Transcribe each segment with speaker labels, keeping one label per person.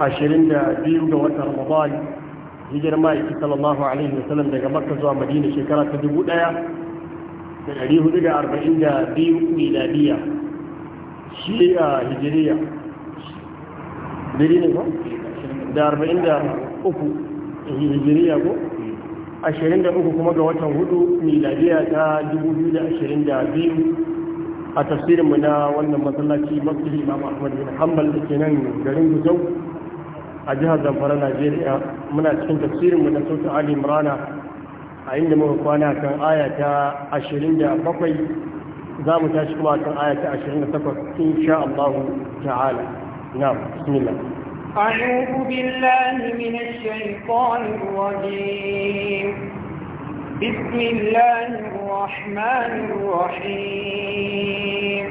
Speaker 1: ashirin da biyu ga watan Ramadan hijirar ma'aiki sallallahu alaihi wasallam daga Makka zuwa Madina shekara ta dubu ɗaya da ɗari hudu da arba'in da biyu miladiya shi a hijiriya biri ne ko da arba'in da uku hijiriya ko ashirin da uku kuma ga watan hudu miladiya ta dubu biyu da ashirin da biyu a tafsirinmu na wannan masallaci mafi imam ahmad bin hanbal da ke nan garin gusau a jihar zamfara najeriya muna cikin tafsirinmu na sautin ali imrana a inda muka kwana kan aya ta bakwai. za mu tashi kuma kan aya ta 28 insha Allah ta'ala na bismillah
Speaker 2: أعوذ بالله من الشيطان الرجيم بسم الله الرحمن الرحيم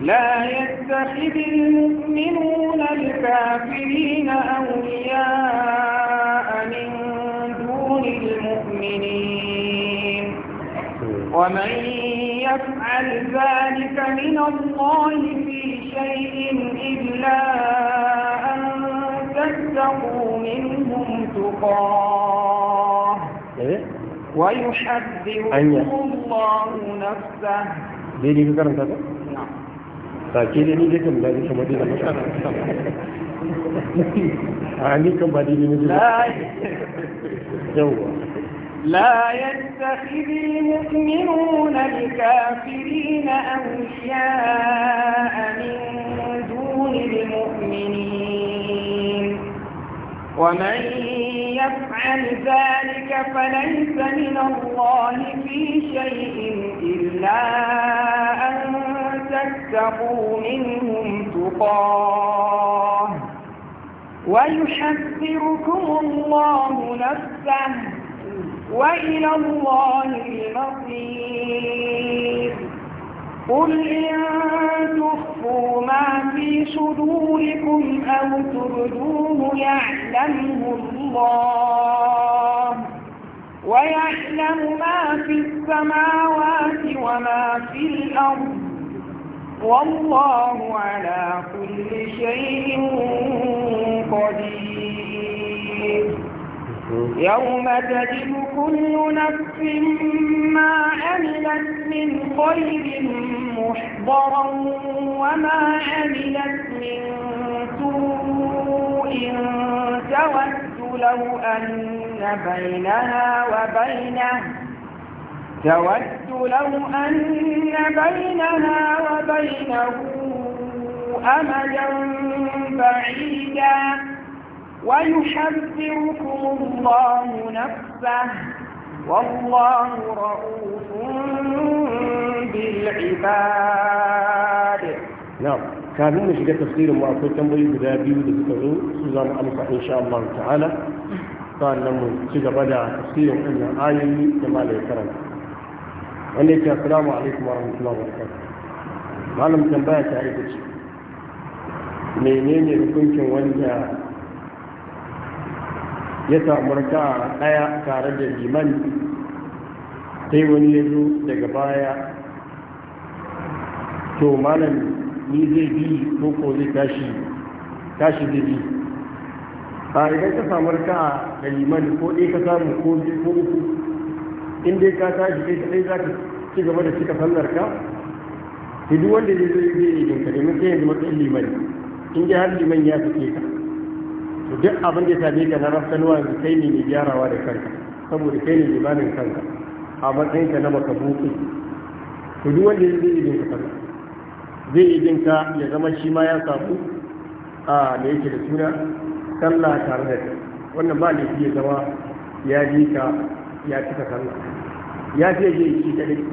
Speaker 2: لا يتخذ المؤمنون الكافرين أولياء من دون المؤمنين ومن يفعل ذلك من الله في شيء إلا أن تتقوا منهم تقاه إيه؟ ويحذركم الله نفسه
Speaker 1: ba ke da ni da kan da kamar da a ni kan ba da ni da yawa
Speaker 3: لا
Speaker 2: يتخذ المؤمنون الكافرين أولياء من دون المؤمنين ومن يفعل ذلك فليس من الله في شيء إلا أن تتقوا منهم تقاه ويحذركم الله نفسه وإلى الله المصير قل إن تخفوا ما في صدوركم أو تبدوه يعلمه الله ويعلم ما في السماوات وما في الأرض والله على كل
Speaker 3: شيء قدير يوم
Speaker 2: تجد كل نفس ما عملت من خير محضرا وما عملت من سوء تود لو أن بينها وبينه تود لو أن بينها وبينه أمدا بعيدا ويحذركم الله نفسه والله رؤوف بالعباد
Speaker 1: نعم كان من شيء تفصيل ما أقول كم بيجي ذابي وذكره سوزان أمسح إن شاء الله تعالى كان لما شيء بدأ تفصيل إن آية جمال الكرم عليك السلام عليكم ورحمة الله وبركاته معلم كم بيجي تعرف شيء منين يكون كم وين ya samu raka ɗaya tare da liman sai wani ya zo daga baya to malam ni zai bi ko ko zai tashi tashi zai bi a idan ka samu raka da liman ko ɗaya ka samu ko zai ko uku in dai ka tashi kai kadai za ka ci gaba da cika sallar ka duk wanda zai zo zai yi ka domin sai yanzu matsayin liman in dai har liman ya fi ka duk abin da ya same ka na rafsanuwa da kai ne mai gyarawa da kanka saboda kai ne limanin kanka a matsayinka na makabuki to duk wanda zai yi jinka kanka zai yi jinka ya zama shi ma ya samu a da yake da suna sallah tare da kai wannan ba da ya zama ya ji ka ya cika sallah ya fi yaje shi kadai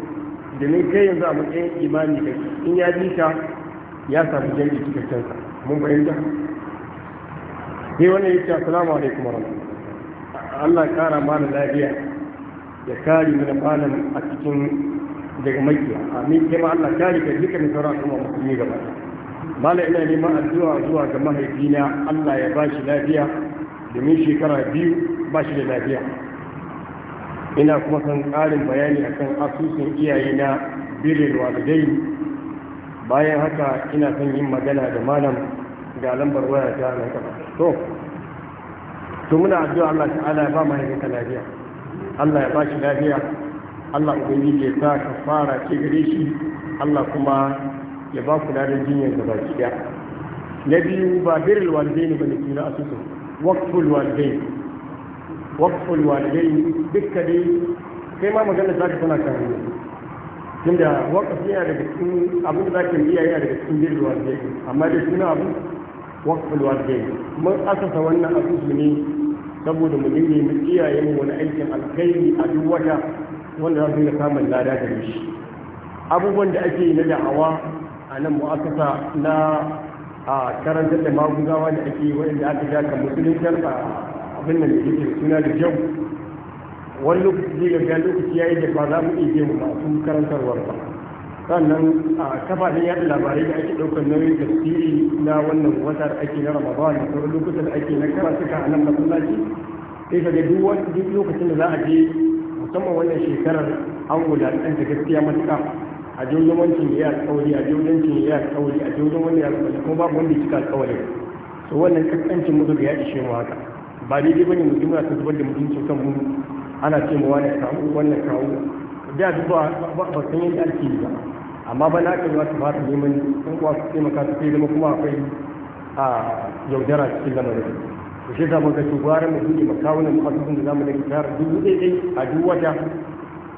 Speaker 1: domin kai yanzu a matsayin imani kai in ya ji ka ya samu jami'i cikakken sa mun fahimta sai wannan ya ce assalamu alaikum wa Allah ya kara mana lafiya ya kare mana malam a cikin daga makiya amin kai ma Allah kare ka dukkan sauran al'umma musulmi gaba mala ina neman addu'a zuwa ga mahaifina Allah ya bashi shi lafiya domin shekara biyu bashi da lafiya ina kuma san ƙarin bayani akan asusun iyaye na birin walidai bayan haka ina son yin magana da malam ga lambar waya ta nan gaba to to muna addu'a Allah ta'ala ya ba mu hayyacinka lafiya Allah ya ba shi lafiya Allah ubangiji ya sa ka fara ce gare shi Allah kuma ya ba ku ladan jinyar gaba kiya na biyu ba biril walidaini bane na asusu waqful walidain waqful walidain dukka dai kai ma magana za ka tana kan tunda waqf ya daga cikin abin da za yi ya yana daga cikin biril walidaini amma dai suna abu waqful walidain mun asasa wannan asusu ne saboda mu dinga mu iyaye mu wani aikin alkhairi a duk wata wanda za su dinga samun lada da shi abubuwan da ake yi na da'awa a nan mu'asasa na a karantar da maguzawa da ake yi wanda aka ja kan musulunci a abin nan da yake suna da jau wani lokaci ga lokaci yi da ba za mu iya mu masu karantarwar ba sannan a kafafen yaɗa labarai da ake ɗaukar nauyin tafsiri na wannan wata da ake na raba ba da sauran lokutan ake na suka a nan masallaci sai ka ga duk lokacin da za a je musamman wannan shekarar an wulaƙanta gaskiya matuƙa a jirgin wancin ya yi alƙawari a jirgin cin ya alƙawari a jirgin wani ya yi alƙawari kuma babu wanda ya cika alƙawari to wannan kaskancin mu ya ishe mu haka ba daidai bane mu jimla ta zubar da mutuncin kan mu ana ce mu wani kawo wannan kawo da duk ba ba san yadda ake yi ba amma ba na aka yi wata fata neman ɗan uwa su taimaka su kai zama kuma akwai a yaudara cikin lamarin to shi ta muka ci gwaran mu buɗe makawunan makasusun da zamu daga tara dubu ɗaya a duk wata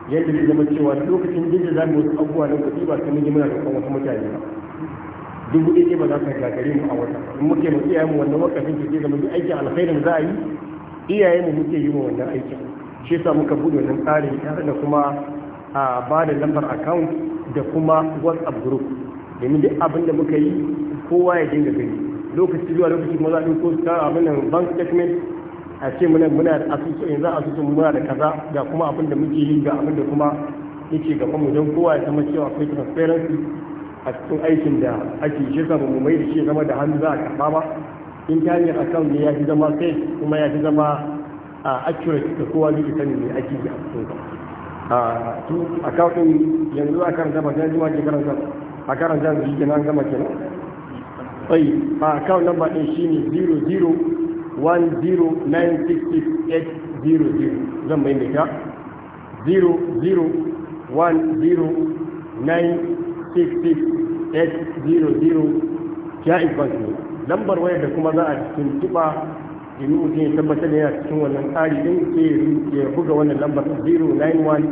Speaker 1: yadda zai zama cewa lokacin duk da zamu wasu abubuwa na kuɗi ba sai mun yi muna roƙon wasu mutane ba dubu ɗaya ba za ka gagare mu a wata in muke mu iyayen mu wannan wakafin ke zai zama duk aikin alkhairin za a yi iyayen mu muke yi mu wannan aikin shi yasa muka buɗe wannan tsarin tare da kuma a ba da lambar account da kuma whatsapp group domin duk abin da muka yi kowa ya dinga gani lokaci zuwa lokaci kuma za a ɗauko ta abin da bank statement a ce muna muna da asusu a asusu muna da kaza ga kuma abin da muke yi ga abin da kuma yake ga kuma don kowa ya zama cewa akwai transparency a cikin aikin da ake shi ba mu mai da shi zama da hannu za a karɓa ba in ta hanyar akan ne ya fi zama safe kuma ya fi zama a accurate da kowa zai sani ne ake yi a cikin a tu a yanzu a karanta ba sai zuwa ke karanta a karanta da shi kenan gama kenan tsayi a kawo lamba ɗin shi ne 0010668800 zan mai mai ka 0010668800 ya su lambar waya da kuma za a tuntuɓa domin mutum ya tabbatar da yana cikin wannan tsari din ke ya buga wannan lambar 091622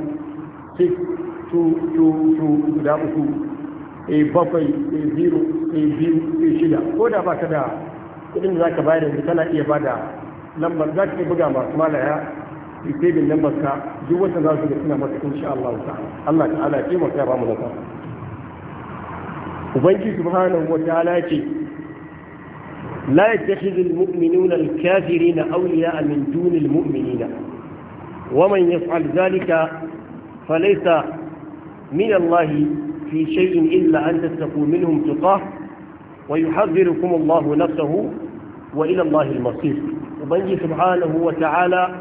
Speaker 1: guda uku a eh, bakwai a eh, zero a eh, biyu a shida ko da ba ka da kudin da za ka bayar yanzu kana iya bada lambar za ka iya buga masu malaya receiving lambar ka duk wata za su ga suna masu insha Allah ta'ala Allah ta'ala ya taimaka ya ba mu nasara ubangiji subhanahu wa ta'ala ya ce لا يتخذ المؤمنون الكافرين أولياء من دون المؤمنين ومن يفعل ذلك فليس من الله في شيء إلا أن تتقوا منهم تقاه ويحذركم الله نفسه وإلى الله المصير وبنجي سبحانه وتعالى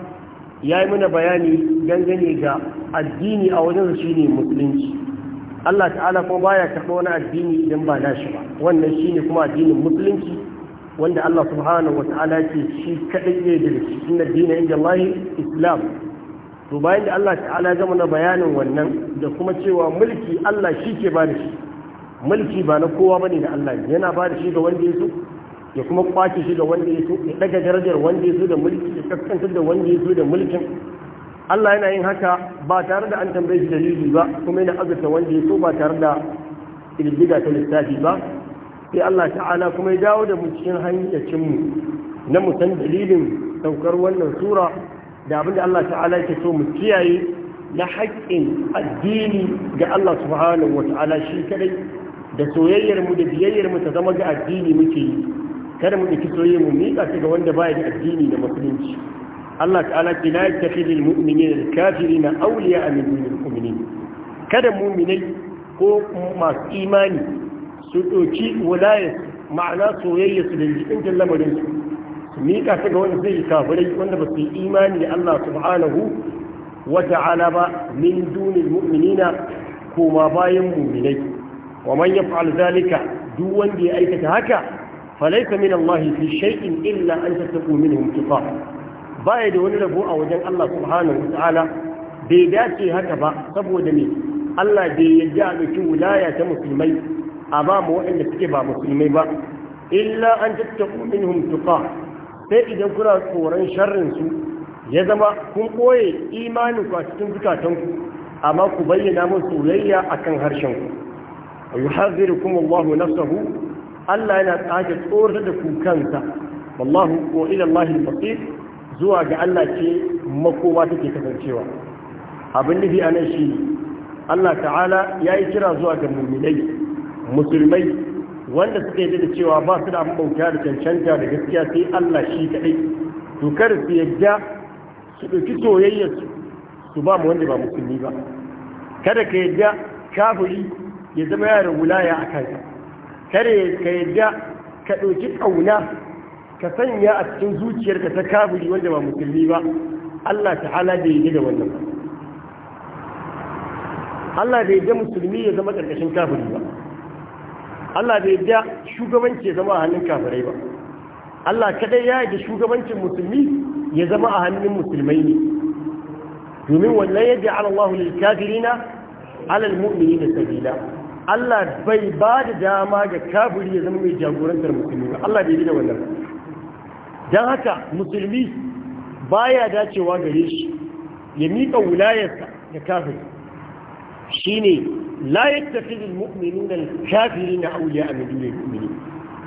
Speaker 1: يا من بياني جنجني جاء الدين أو نرشيني مسلمين Allah ta'ala kuma baya karɓo wani addini idan ba nashi ba wannan shine kuma addinin musulunci wanda Allah subhanahu wata'ala ce shi kadai ne da cikin addini inda Allah Islam to bayan da Allah ta'ala gama na bayanin wannan da kuma cewa mulki Allah shi ke ba da shi mulki ba na kowa bane da Allah yana ba da shi ga wanda ya so ya kuma kwace shi ga wanda ya so ya daga darajar wanda ya so da mulki ya kaskantar da wanda ya so da mulkin Allah yana yin haka ba tare da an tambaye shi dalili ba kuma yana azurta wanda ya so ba tare da ƙididdiga ta lissafi ba sai Allah ta'ala kuma ya dawo da mu cikin hanyacinmu na mu dalilin saukar wannan sura da abinda Allah ta'ala yake so mu kiyaye na haƙƙin addini ga Allah subhanahu wa ta'ala shi kadai da soyayyar mu da biyayyar mu ta zama ga addini muke yi kada mu ɗauki soyayya mu mika ta ga wanda baya da addini da musulunci Allah ta'ala ke la yattakhidhu al-mu'minina al-kafirina awliya'a min dunil mu'minin kada mu'minai ko masu imani su ɗauki wulayar ma'ana soyayya su da jikin lamarin su miƙa ta ga wanda zai yi kafirai wanda ba su yi imani da Allah subhanahu wa ta'ala ba min dunil mu'minina koma bayan mu'minai wa man yaf'al zalika duk wanda ya aikata haka falaysa min Allah fi shay'in illa an tattaqu minhum tiqa baya da wani rabo a wajen Allah subhanahu wa ta'ala bai dace haka ba saboda me Allah bai yarda a ɗauki wilaya ta musulmai a ba waɗanda suke ba musulmai ba illa an tattaku minhum tuqa sai idan kuna tsoron sharrin su ya zama kun koye imanin ku a cikin zukatanku amma ku bayyana mun soyayya akan harshen ku wa yuhadhirukum Allahu nafsahu Allah yana tsaka tsorar da ku kansa wallahu wa ila Allah al zuwa ga Allah ce makoma take kasancewa abin nufi anan shi Allah ta'ala yayi kira zuwa ga mu'minai musulmai wanda suka yi da cewa ba su da abin bauta da cancanta da gaskiya sai Allah shi kaɗai to kar su yadda su ɗauki soyayya su ba mu wanda ba musulmi ba kada ka yadda kafiri ya zama yaran wulaya a kanka kada ka yadda ka ɗauki ƙauna ka sanya a cikin zuciyarka ta kafiri wanda ba musulmi ba Allah ta'ala bai yi da wannan Allah bai yadda musulmi ya zama ƙarƙashin kafiri ba Allah bai da shugabanci ya zama a hannun kafirai ba Allah kadai ya yi da shugabancin musulmi ya zama a hannun musulmai ne domin wannan ya ji Allah lil kafirina alal da sabila Allah bai ba da dama ga kafiri ya zama mai jagorantar musulmi ba Allah bai da wannan dan haka musulmi baya dacewa gare shi ya miƙa wulayarsa ga kafiri shine la yattakhidul mu'minuna na kafirina awliya min dunil mu'minin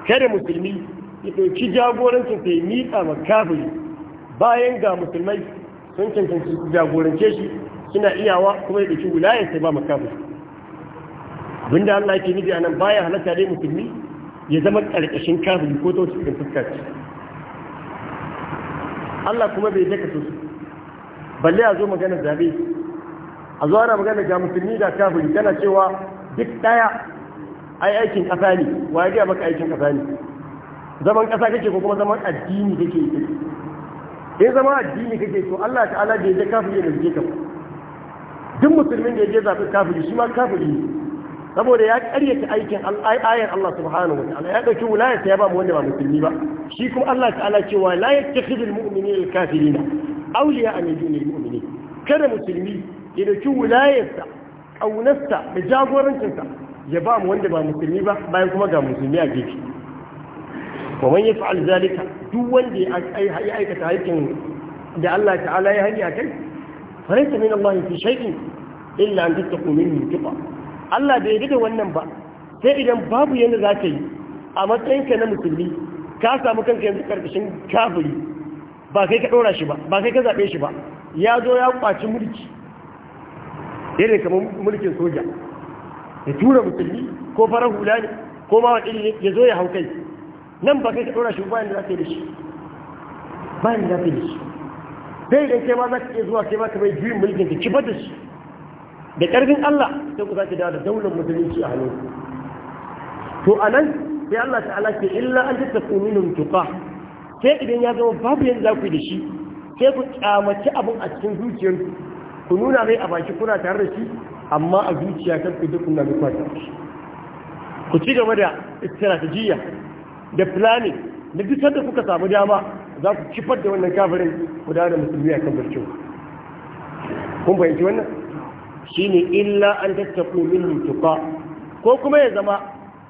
Speaker 1: kada musulmi ya dauki jagorancin sai miƙa ma kafiri bayan ga musulmai sun cancanci jagorance shi suna iyawa kuma ya dauki wilayar sai ba ma kafiri abinda Allah yake nufi anan baya halatta dai musulmi ya zama karkashin kafiri ko ta cikin fuskar Allah kuma bai daka su balle a zo magana zabe a zuwa na magana ga musulmi da kafin tana cewa duk daya ai aikin kasa ne wa ya gaya maka aikin kasa ne zaman kasa kake ko kuma zaman addini kake yi in zaman addini kake to Allah ta'ala da ya kafin ya rike ka duk musulmin da ya je zaɓi kafiri shi ma kafiri saboda ya karyata aikin ayar Allah subhanahu wa ta'ala ya dauki wilayar ya ba mu wanda ba musulmi ba shi kuma Allah ta'ala cewa la yattakhidhu al-mu'minina al-kafirina awliya min duni al-mu'minin kada musulmi ya dauki wilayarsa ƙaunarsa da jagorancinsa ya ba mu wanda ba musulmi ba bayan kuma ga musulmi a gefe kuma ya fa'al zalika duk wanda ya aikata aikin da Allah ta'ala ya hani a kai faraita min Allah fi shay'in illa an tattaqu minhu tuqa Allah bai yarda da wannan ba sai idan babu yadda za ka yi a matsayinka na musulmi ka samu kanka yanzu karkashin kafiri ba kai ka ɗora shi ba ba kai ka zaɓe shi ba ya zo ya kwaci mulki irin kamar mulkin soja ya tura musulmi ko farar hula ne ko ma wa ne ya zo ya hau kai nan ba kai ka ɗora shi bayan da za ka yi da shi bayan da za ka yi da shi Sai idan kai ma za ka iya zuwa kai ma ka bai juyin mulkin ka kibar da shi da ƙarfin Allah sai ku sake dawo da daular musulunci a hannu to a nan sai Allah ta'ala ke illa an tattaku minhum tuqa sai idan ya zama babu yadda za ku yi da shi sai ku ƙyamaci abin a cikin zuciyarku ku nuna mai a baki kuna tare da shi amma a zuciya kan ku duk kuna nuna shi ku ci gaba da strategiya da planning da duk sanda kuka samu dama za ku kifar da wannan kafirin ku da musulmi akan barcin kun fahimci wannan shine illa an tattaku min tuqa ko kuma ya zama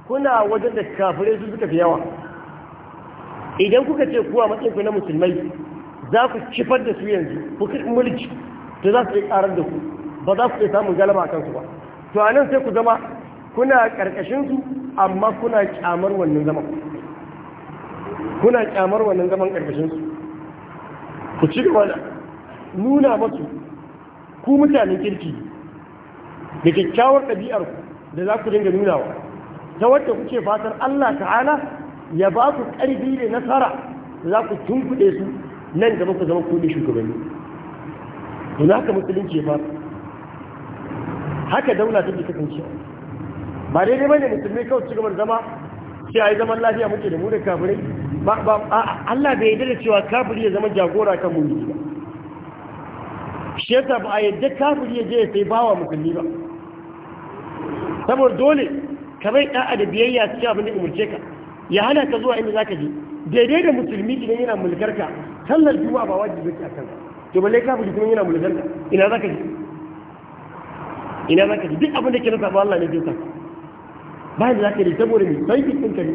Speaker 1: kuna wajen da kafirai su suka fi yawa idan kuka ce kuwa matsayin ku na musulmai za ku kifar da su yanzu ku mulki to za su yi karar da ku ba za ku iya samun galaba a kansu ba to a nan sai ku zama kuna karkashin su amma kuna kyamar wannan zaman kuna kyamar wannan zaman karkashin su ku ci gaba da nuna masu ku mutanen kirki da kyakkyawar ɗabi'ar ku da za ku dinga nunawa ta wacce kuke fatar Allah ta'ala ya ba ku ƙarfi da nasara za ku tunkuɗe su nan gaba ku zama ku ne shugabanni ina ka musulunci ba haka daula take kasance ba daidai bane musulmi kawai ci gaban zama sai ai zaman lafiya muke da mu da kafirai ba ba Allah bai yarda cewa kafiri ya zama jagora kan mu ba sheta ba a yarda kafiri ya je ya sai bawa musulmi ba saboda dole ka bai da'a da biyayya cikin abin da umurce ka ya hana ka zuwa inda zaka je daidai da musulmi idan yana mulkar ka sallar juma'a ba wajibi ce a kansa to balle ka fuji kuma yana mulkanta ina ka ji ina zaka ji duk abin da ke nasa ba Allah ne zai saka ba da ka ji saboda mai sai din ka ne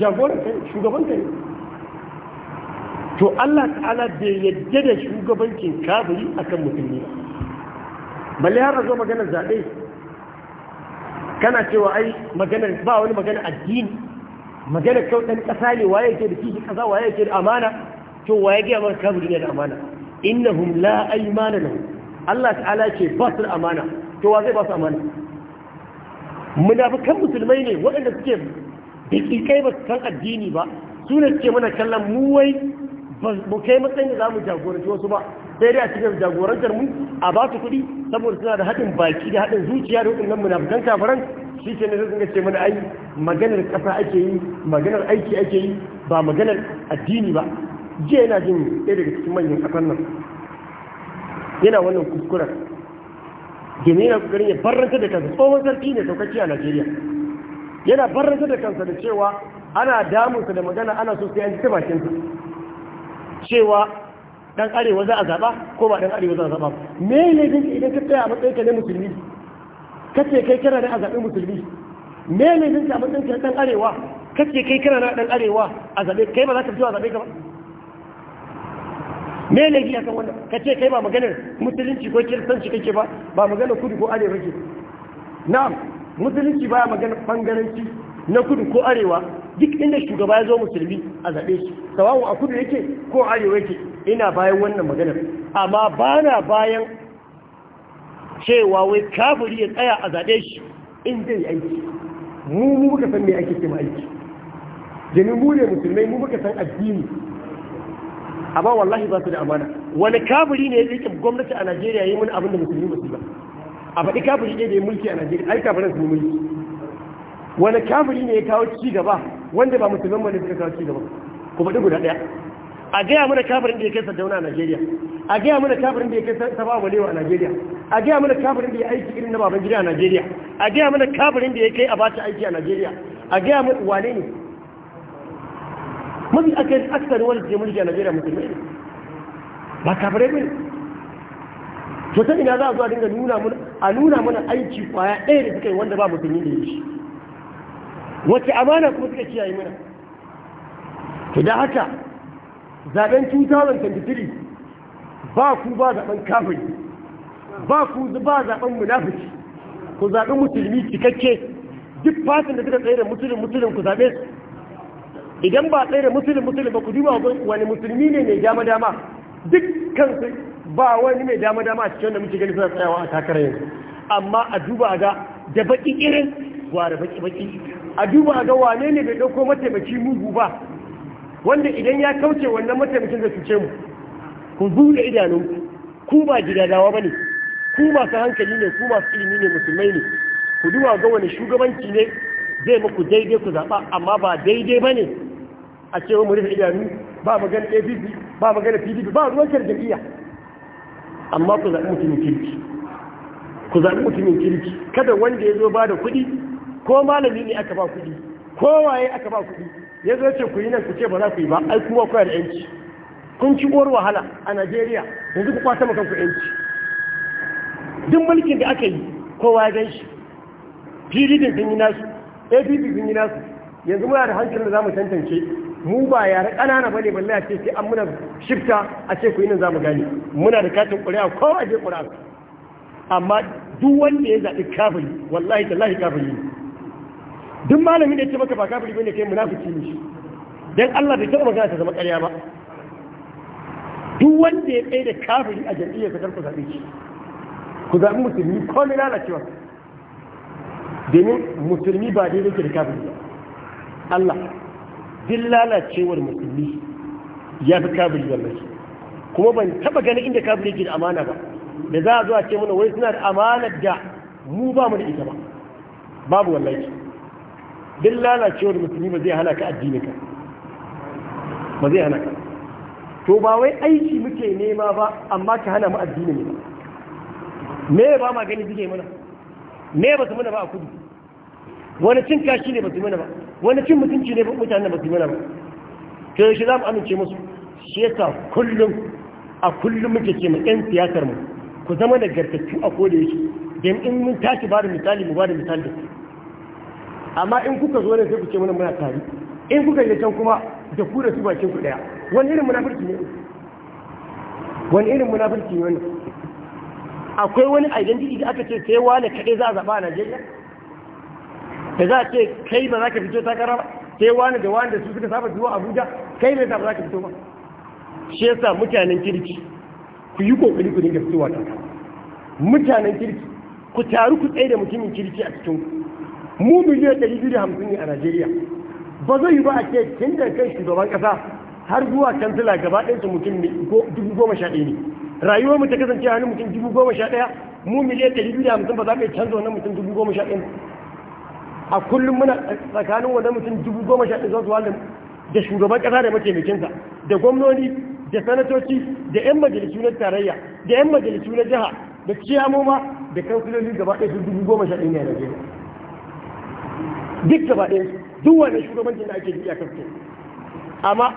Speaker 1: jagoran ka ne shugaban ka ne to Allah ta'ala bai yadda da shugabancin kafiri akan mutum ba balle har zo maganar zaɓe kana cewa ai maganar ba wani maganar addini maganar kyau ɗan ƙasa ne waye ke da kishi ƙasa waye ke da amana to waye gaya maka kafiri ne da amana innahum la aymana lahum Allah ta'ala ce ba su amana to wa zai ba su amana munafikan musulmai ne waɗanda suke bikikai ba su san addini ba su ne suke mana kallon mu wai mu kai matsayin da za mu jagoranci wasu ba sai dai a cikin jagorantar mu a ba su kuɗi saboda suna da haɗin baki da haɗin zuciya da waɗannan munafikan kafiran shi ke ne zai dinga ce mana ai maganar ƙasa ake yi maganar aiki ake yi ba maganar addini ba jiya yana jin ɗaya daga cikin manyan ƙasar nan yana wannan kuskura domin yana kokarin ya barranta da kansa tsohon sarki ne saukaki a najeriya yana barranta da kansa da cewa ana damunsa da magana ana so sai an ji ta bakinsa cewa dan arewa za a zaɓa ko ba dan arewa za a zaɓa me ne jin idan ka tsaya a matsayin ka na musulmi ka ce kai kira da a zaɓi musulmi me ne jin ka a matsayin ka na dan arewa ka kai kira na dan arewa a zaɓe kai ba za ka fito a zaɓe ka ba me ne laifi kan wannan ka ce kai ba maganar musulunci ko kiristanci kake ba ba maganar kudu ko arewa ke? na'am musulunci baya maganar bangaranci na kudu ko arewa duk inda shugaba ya zo musulmi a zaɓe shi sawawu a kudu yake ko arewa yake ina bayan wannan maganar amma ba na bayan cewa wai kafiri ya tsaya a zaɓe shi in zai aiki mu muka san me ake cewa aiki domin mu ne musulmai mu muka san addini amma wallahi ba su da amana wani kafiri ne ya rike gwamnati a Najeriya yi mun abin da musulmi ba su ba a faɗi kafiri ne da ya mulki a Najeriya ai kafirin su mulki wani kafiri ne ya kawo ci gaba wanda ba musulman ba ne suka kawo ci gaba ku faɗi guda ɗaya a gaya mana kafirin da ya kai Sardauna a Najeriya a gaya mana kafirin da ya kai Saba Walewa a Najeriya a gaya mana kafirin da ya aiki irin na baban gida a Najeriya a gaya mana kafirin da ya kai abata aiki a Najeriya a gaya mana wane ne mafi aksar wani ke mulki a najeriya musulmai ne ba yi ne to ta ina za a zuwa dinga nuna mana a nuna mana aiki kwaya ɗaya da suka yi wanda ba musulmi da shi wacce amana kuma suka kiyaye mana to da haka zaben 2023 ba ku ba zaben kafin ba ku ba zaben munafiki ku zaɓi musulmi cikakke duk fasin da suka tsaye da musulun musulun ku zaɓe idan ba tsaye da musulun musulun ba ku duba wani musulmi ne mai dama dama dukkan su ba wani mai dama dama a cikin da muke gani suna tsayawa a takarar yanzu amma a duba ga da baki irin gwara baki baki a duba ga wane ne bai dauko mataimaki mugu ba wanda idan ya kauce wannan mataimakin da su ce mu ku zura idanun ku ba gidadawa ba ne ku masu hankali ne ku masu ilimi ne musulmai ne ku duba ga wani shugabanci ne zai muku daidai ku zaɓa amma ba daidai ba ne a cewa mu rufe idanu ba magana apc ba magana pdp ba ruwan jirgin amma ku zaɓi mutumin kirki ku zaɓi mutumin kirki kada wanda ya zo ba da kuɗi ko malami ne aka ba kuɗi ko waye aka ba kuɗi ya zo ce ku yi nan ku ce ba za ku yi ba ai kuma ku da yanci kun ci uwar wahala a najeriya yanzu ku kwata maka ku yanci duk mulkin da aka yi kowa ya gan shi filidin sun yi nasu APC sun yi nasu yanzu muna da hankali da zamu tantance mu ba yare ƙanana bane balle a ce sai an muna shifta a ce ku yi nan zamu gane muna da katin ƙuri'a ko a je ƙuri'a amma duk wanda ya zaɓi kafiri wallahi tallahi kafiri ne duk malamin da ya ce maka ba kafiri bane kai munafiki ne dan Allah bai taɓa magana ta zama ƙarya ba duk wanda ya kai da kafiri a jam'iyyar ka karku zaɓe shi ku zaɓi musulmi ko mai lalacewa domin musulmi ba daidai ke da kafin ba Allah din lalacewar musulmi ya fi kafin mai kuma ban taba ganin inda kafin yake da amana ba da za a zuwa ce mana wai suna da amana da mu ba mu da ita ba babu wallahi din lalacewar musulmi ba zai hana ka addini ka ba zai hana ka to ba wai aiki muke nema ba amma ka hana mu addini ne me ba ma gani suke mana me ba su muna ba a kudu wani cin kashi ne ba su mana ba wani cin mutunci ne mutane ba su mana ba to yaushe za mu amince musu shi yasa kullum a kullum muke ce mu ɗan siyasar mu ku zama da gartattu a da yake don in mun tashi ba da misali mu ba da misali da amma in kuka zo ne sai ku ce mana muna tare in kuka yi can kuma da ku da su bakin ku daya wani irin munafurci ne wani irin munafurci ne wannan akwai wani identity da aka ce sai wane kaɗai za a zaɓa a Najeriya da za a ce kai ba za ka fito takara ba sai wani da wani da su suka saba zuwa abuja kai ne ba za ka fito ba shi yasa mutanen kirki ku yi kokari ku dinga fitowa takara mutanen kirki ku taru ku tsaye da mutumin kirki a cikin mu miliyan ɗari biyu da hamsin ne a najeriya ba zai yi ba a ce tun da kan shugaban ƙasa har zuwa kansila gaba ɗayan su mutum dubu goma sha ɗaya ne rayuwar mu ta kasance hannun mutum dubu goma sha ɗaya mu miliyan ɗari biyu da hamsin ba za mu iya canza wannan mutum dubu goma sha ɗaya a kullum muna tsakanin wanda mutum dubu goma sha ɗin zuwa da shugaban ƙasa da mataimakinsa da gwamnoni da sanatoci da 'yan majalisu na tarayya da 'yan majalisu na jiha da ciyamoma da kansuloli gaba ɗaya su dubu goma sha ɗin ne a Najeriya duk gaba ɗaya duk wani shugabancin da ake biya kafin amma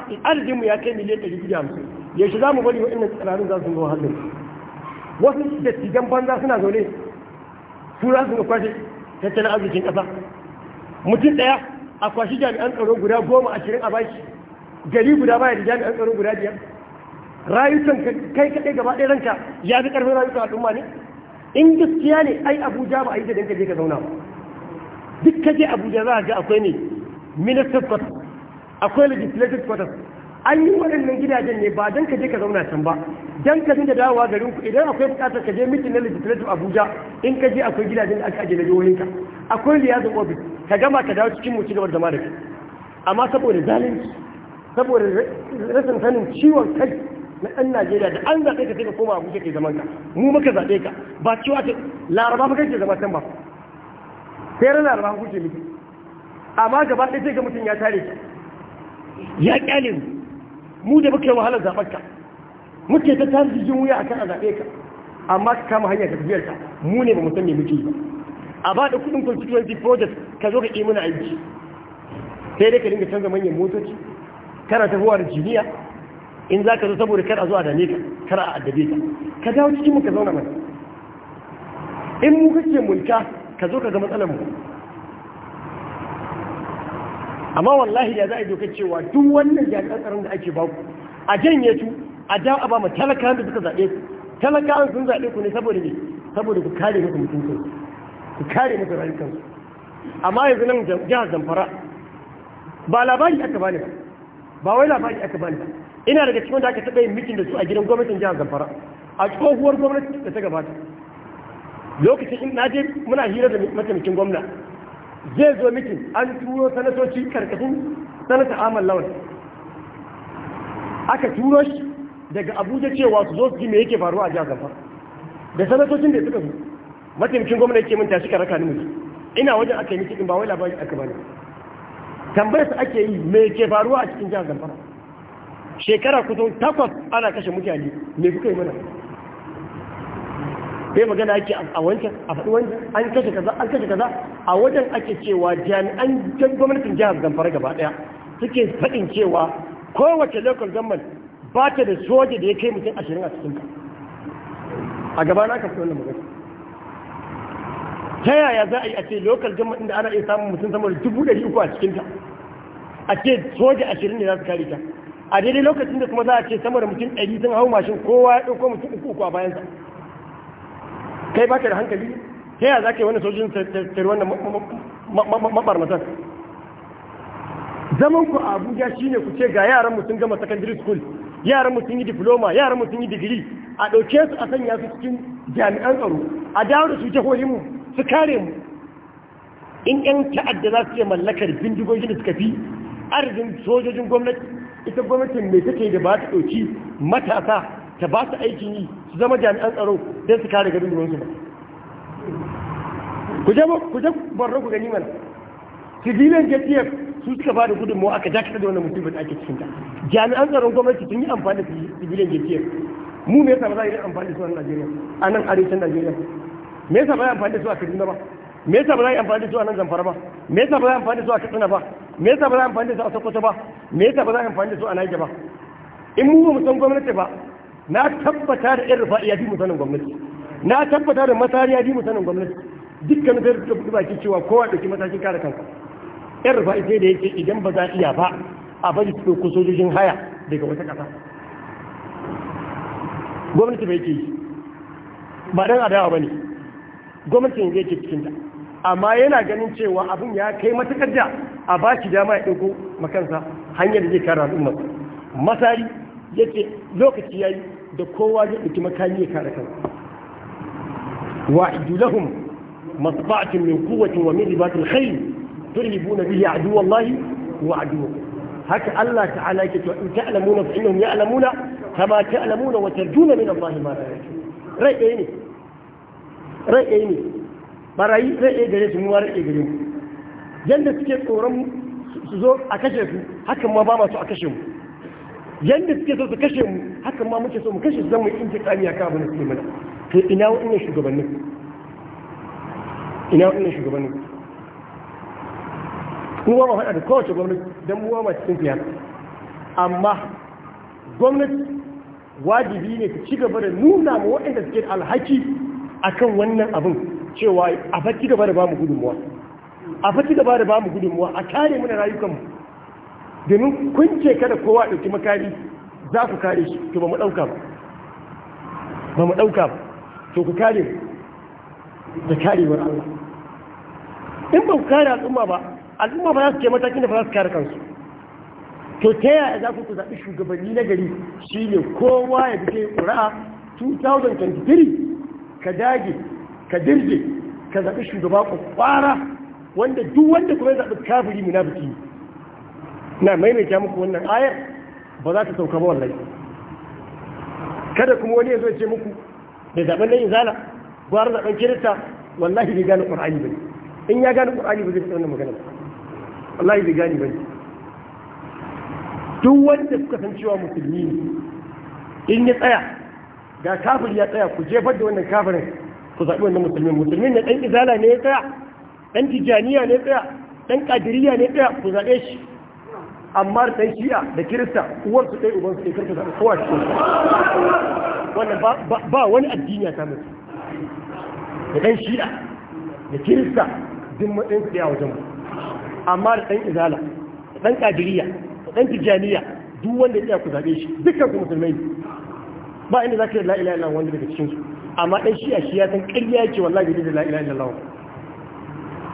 Speaker 1: mu ya kai miliyan ɗari biyu hamsin yaushe za mu bari waɗannan tsirarin za su zo hannun wasu dattijan banza suna zaune su za su kwashe tattalin arzikin ƙasa mutum ɗaya a kwashi jami'an tsaro guda goma ashirin a baki gari guda baya da jami'an tsaro guda biyar rayukan kai kaɗai gaba ɗaya ranka ya fi ƙarfin rayukan al'umma ne in gaskiya ne ai abuja ba a yi da danka je ka zauna ba duk ka je abuja za a ga akwai ne minister quarters akwai legislative quarters an yi waɗannan gidajen ne ba don ka je ka zauna can ba don ka dinga dawowa garin ku idan akwai buƙatar ka je mitin na legislative abuja in ka je akwai gidajen da aka ajiye na jihohinka akwai liyazin office ka gama ka dawo cikin mu cigaba da zama da kai amma saboda zalunci saboda rashin sanin ciwon kai na ɗan Najeriya da an zaɓe ka sai ka koma Abuja ke zaman ka mu muka zaɓe ka ba cewa ta Laraba ba ke zama can ba sai ran Laraba kuke miki amma gaba ɗaya sai ga mutum ya tare ka ya ƙyale mu mu da muka yi wahalar zaɓar ka muke ta tarihin wuya kan a zaɓe ka amma ka kama hanyar ka tafiyar ka mu ne ba mu san me muke yi ba a ba da kudin constituency project ka zo ka ke mana aiki sai dai ka dinga canza manyan motoci kana tafowa da jiniya in za ka zo saboda kar a zo a dame ka kar a addabe ka ka dawo cikin muka ka zauna mana in mu kake mulka ka zo ka ga matsalar mu amma wallahi da za a doka cewa duk wannan jami'an tsaron da ake ba ku a janye su a dawo a ba mu talakawa da suka zaɓe ku talakawa sun zaɓe ku ne saboda ne saboda ku kare muku mutuncin ku kare musu rayukansu amma yanzu nan jihar zamfara ba labari aka bani ba ba wai labari aka bani ba ina daga cikin da aka taɓa yin mitin da su a gidan gwamnatin jihar zamfara a tsohuwar gwamnati da ta gabata lokacin in na je muna hira da mataimakin gwamna zai zo mitin an turo sanatoci karkashin sanata amal Lawal. aka turo shi daga abuja cewa su zo su ji me yake faruwa a jihar zamfara da sanatocin da suka zo mataimakin gwamnati ke minta ka raka ni mutu ina wajen aka yi cikin ba wai labari aka bani tambayar su ake yi me ke faruwa a cikin jihar zamfara shekara kusan takwas ana kashe mutane me kuka yi mana Bai magana ake a wancan a faɗi wancan an kashe kaza an kashe kaza a wajen ake cewa jami'an gwamnatin jihar zamfara gaba ɗaya suke faɗin cewa kowace local government ba ta da soja da ya kai mutum ashirin a cikin ka a gaba na aka fi wannan magana ta yaya za a yi a ce lokal jama'a inda ana iya samun mutum sama da dubu da uku a cikinta a ce soja ashirin ne za su kare ta a daidai lokacin da kuma za a ce sama da mutum ɗari sun hau mashin kowa ya ɗauko mutum uku uku a bayansa kai ba ka da hankali ta yaya za ka yi wani sojin tsari wannan mabarmatar zaman ku a abuja shi ne ku ce ga yaran mutum gama secondary school yaran mutum yi diploma yaran mutum sun yi digiri a ɗauke su a sanya su cikin jami'an tsaro a dawo da su jihohin mu su kare mu in yan ta'adda za su iya mallakar bindigogin da suka fi arzikin sojojin gwamnati ita gwamnatin mai take da ba ta ɗauki matasa ta ba su aikin yi su zama jami'an tsaro don su kare garin ruwansu ba ku je ku je barro ku gani mana civilian jtf su suka ba da gudunmawa aka dakata da wannan mutum da ake cikin ta jami'an tsaron gwamnati sun yi amfani da civilian jtf mu me yasa ba za a yi amfani da su Najeriya a nan arewacin Najeriya me yasa ba za a amfani da su a Kaduna ba me yasa ba za a amfani da su a nan Zamfara ba me yasa ba za a amfani da su a Katsina ba me yasa ba za a amfani da su a Sokoto ba me yasa ba za a amfani da su a na'ija ba in mu ba mu san gwamnati ba na tabbata da irin rufa'i ya fi mu sanin gwamnati na tabbata da masari ya fi mu sanin gwamnati dukkan sai da kuma baki cewa kowa dauki matakin kare kansa yan rufa'i sai da yake idan ba za a iya ba a bari su ɗauko sojojin haya daga wata ƙasa gwamnati bai ke yi ba dan adawa ba ne gwamnatin zai ke cikinta amma yana ganin cewa abin ya kai matakar da a ba shi dama ya ɗauko makansa hanyar da zai kare al'ummar masari ya ce lokaci ya yi da kowa zai ɗauki makami ya kare kansa wa idulahum masba'atin min quwwatin wa min ribatil khayl turhibuna bihi aduwallahi wa aduwakum haka Allah ta'ala yake cewa in ta'lamuna fa innahum ya'lamuna kama ta'lamuna wa tarjuna min Allah ma la yakun rai ɗaya ne rai ne barayi rai ɗaya gare su muwa rai gare mu yadda suke tsoron su zo a kashe su hakan ma ba masu a kashe mu yadda suke so su kashe mu hakan ma muke so mu kashe su zan mu inji kami a kan abin suke mana to ina wa'annan shugabannin ina wa'annan shugabannin kuma ba faɗa da kowace gwamnati don muwa ma cikin siyasa amma gwamnati wajibi ne ta ci gaba da nuna ma waɗanda suke alhaki akan wannan abin cewa a faki gaba da bamu gudunmuwa a faki gaba da bamu gudunmuwa a kare muna rayukanmu domin kun ce kada kowa ɗauki makari za ku kare shi to ba mu ɗauka ba ba mu ɗauka ba to ku kare da karewar Allah in ba ku kare al'umma ba al'umma ba za su ke matakin da ba za su kare kansu to ta yaya za ku zaɓi shugabanni na gari shi ne kowa ya fi ƙura 2023 ka dage ka dirge, ka zaɓi shugaba kwara wanda duk wanda kuma ya zaɓi kafiri munafiki ne na maimaita muku wannan ayar ba za ta sauka ba wallahi kada kuma wani ya zo ce muku da zaɓen nan izala gwar zaɓen kirista wallahi bai gane ƙur'ani ba in ya gane ƙur'ani ba zai fi wannan magana wallahi bai gane ba ne. duk wanda suka san cewa musulmi ne in ya tsaya ga kafir ya tsaya ku jefar da wannan kafirin ku zaɓi wannan musulmin musulmin na ɗan izala ne ya tsaya ɗan tijaniya ne ya tsaya ɗan ƙadiriya ne ya tsaya ku zaɓe shi amma ɗan shi'a da kirista uwar su ɗaya uban su ɗaya kirkita da kowa cikin wannan ba wani addini a samun da ɗan shi'a da kirista duk matsayin su ɗaya wajen mu amma da ɗan izala da ɗan ƙadiriya da ɗan tijaniya duk wanda ya tsaya ku zaɓe shi dukkan ku musulmai ba inda za ka yi la'ila illallah wanda daga cikinsu amma ɗan shi a shi ya san ƙarya yake wallahi bai da la'ila illallah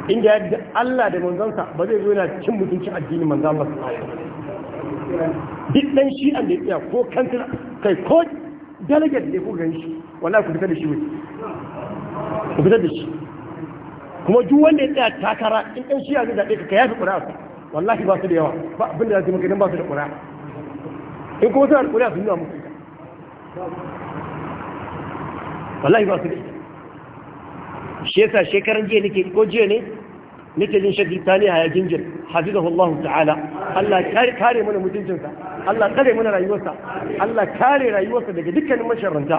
Speaker 1: in ga yadda Allah da manzansa ba zai zo yana cin mutuncin addini manzan Allah duk ɗan shi an da ya tsaya ko kantin kai ko delegate da ko gan shi wallahi ku fitar da shi wuce ku fitar da shi kuma duk wanda ya tsaya takara in ɗan shi ya zai zaɓe ka ka yafi ƙura'a wallahi ba su da yawa ba abinda za su maka idan ba su da ƙura'a in kuma suna da ƙura'a su nuna muku wallahi ba su da shi yasa shekaran jiya nake ko jiya ne nake jin shaddi tani haya jinjir hafizahullahu ta'ala Allah kare mana mutuncinsa Allah kare mana rayuwarsa Allah kare rayuwarsa daga dukkanin masharanta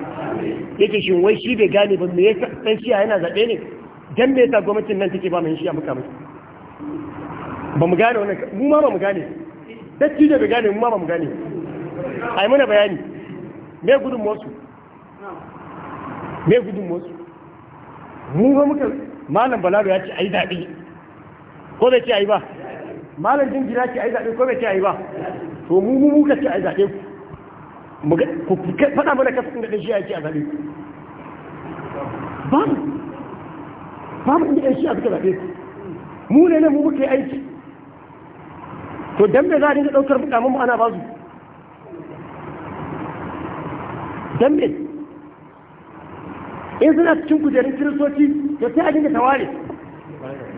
Speaker 1: yake shin wai shi bai gane ba me yasa san shi yana zabe ne dan me yasa gwamnatin nan take ba mu shi a muka mu ba mu gane wannan mu ma ba mu gane dattijo bai gane mu ma ba mu gane ai mana bayani me gudun mosu me gudun mosu mu ba muka malam balaro ya ce ai zaɓe ko bai ce ai ba malam jingira ce ai zaɓe ko bai ce ai ba to mu mu muka ce ai zaɓe ku faɗa mana kasafin da shi ya ce a zaɓe babu babu inda ɗan shi a suka zaɓe mu ne ne mu muka yi aiki to dan me za a dinga ɗaukar mukamin mu ana ba su don me in suna cikin kujerun kiristoci to sai a dinga tawari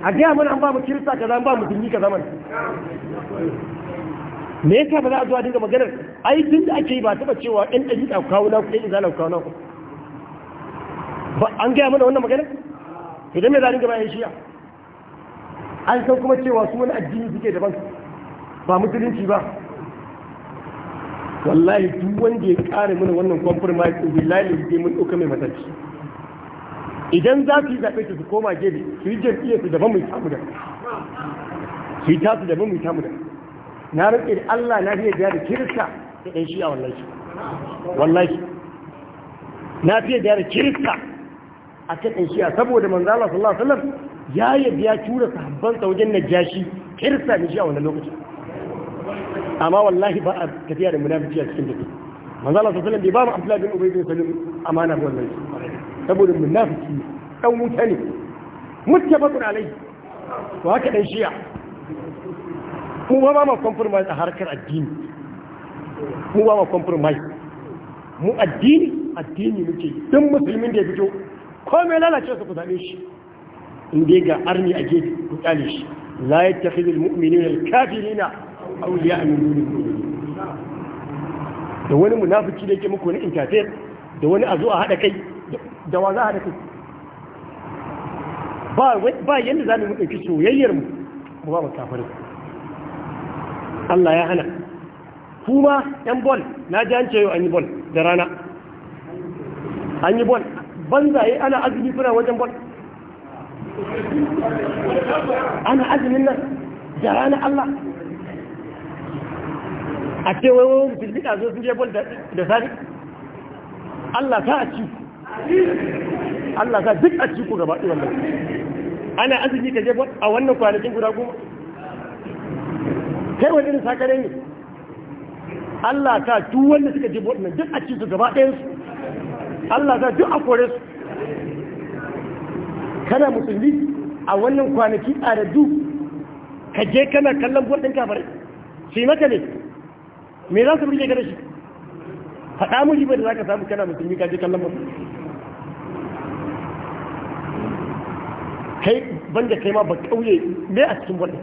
Speaker 1: a gaya mana an ba mu kirista ka zan ba mu dingi ka mana me ya ba za a zuwa dinga maganar ai tun da ake yi ba taba cewa ɗan ɗari a kawo na ku ɗan izala kawo na ku ba an gaya mana wannan maganar idan me za a dinga bayan shiya an san kuma cewa su wani addini suke daban ba musulunci ba wallahi duk wanda ya kare mana wannan compromise din billahi da mun dauka mai matsalci idan za su yi zaɓe su koma gebe su yi jam'iyyar su daban mai samu da su yi tasu daban mai samu da na rike da Allah na fiye da kirista da ɗan shiya wallahi wallahi na fiye da kirista a kan ɗan shiya saboda Manzala sallallahu alaihi wasallam ya yi ya tura sahabbansa sa wajen najashi kirista ne shi a wannan lokacin amma wallahi ba a tafiya da munafiki a cikin tafi manzo Allah sallallahu alaihi wasallam bai ba mu Abdullah bin Ubay bin Salul amana ba wannan saboda munafiki dan wuta ne muttafaqun alaihi to haka dan shi'a mu ba ma compromise a harkar addini mu ba ma compromise mu addini addini muke duk musulmin da ya fito komai mai lalace su ku zaɓe shi in dai ga arni a gefe ku kyale shi la yattakhidul mu'minuna al-kafirina auliya a min da wani munafiki da yake muku wani intafiyar da wani a zo a haɗa kai da wa za a haɗa kai ba yadda za mu ɗauki soyayyar mu ba mu kafirin Allah ya hana kuma yan bol na ji an ce an yi bol da rana an yi bol banzaye ana azumi kuna wajen bol
Speaker 3: ana azumin nan
Speaker 1: da rana Allah a ce wai wani bindiga zo sun je bol da sani Allah ta a ci Allah ta duk a ci ku gaba ɗaya wannan ana azumi ka je bol a wannan kwanakin guda goma kai wani irin sakare ne Allah ta tu wanda suka je bol nan duk a ci su gaba ɗayan
Speaker 3: Allah ta duk
Speaker 1: a kore su kana musulmi a wannan kwanaki a da duk ka je kana kallon bol ɗin kafarai su yi maka ne me za su rike ka da shi faɗa mu riba da za ka samu kana musulmi ka je kallon mutum kai banda kai ma ba kauye me a cikin wannan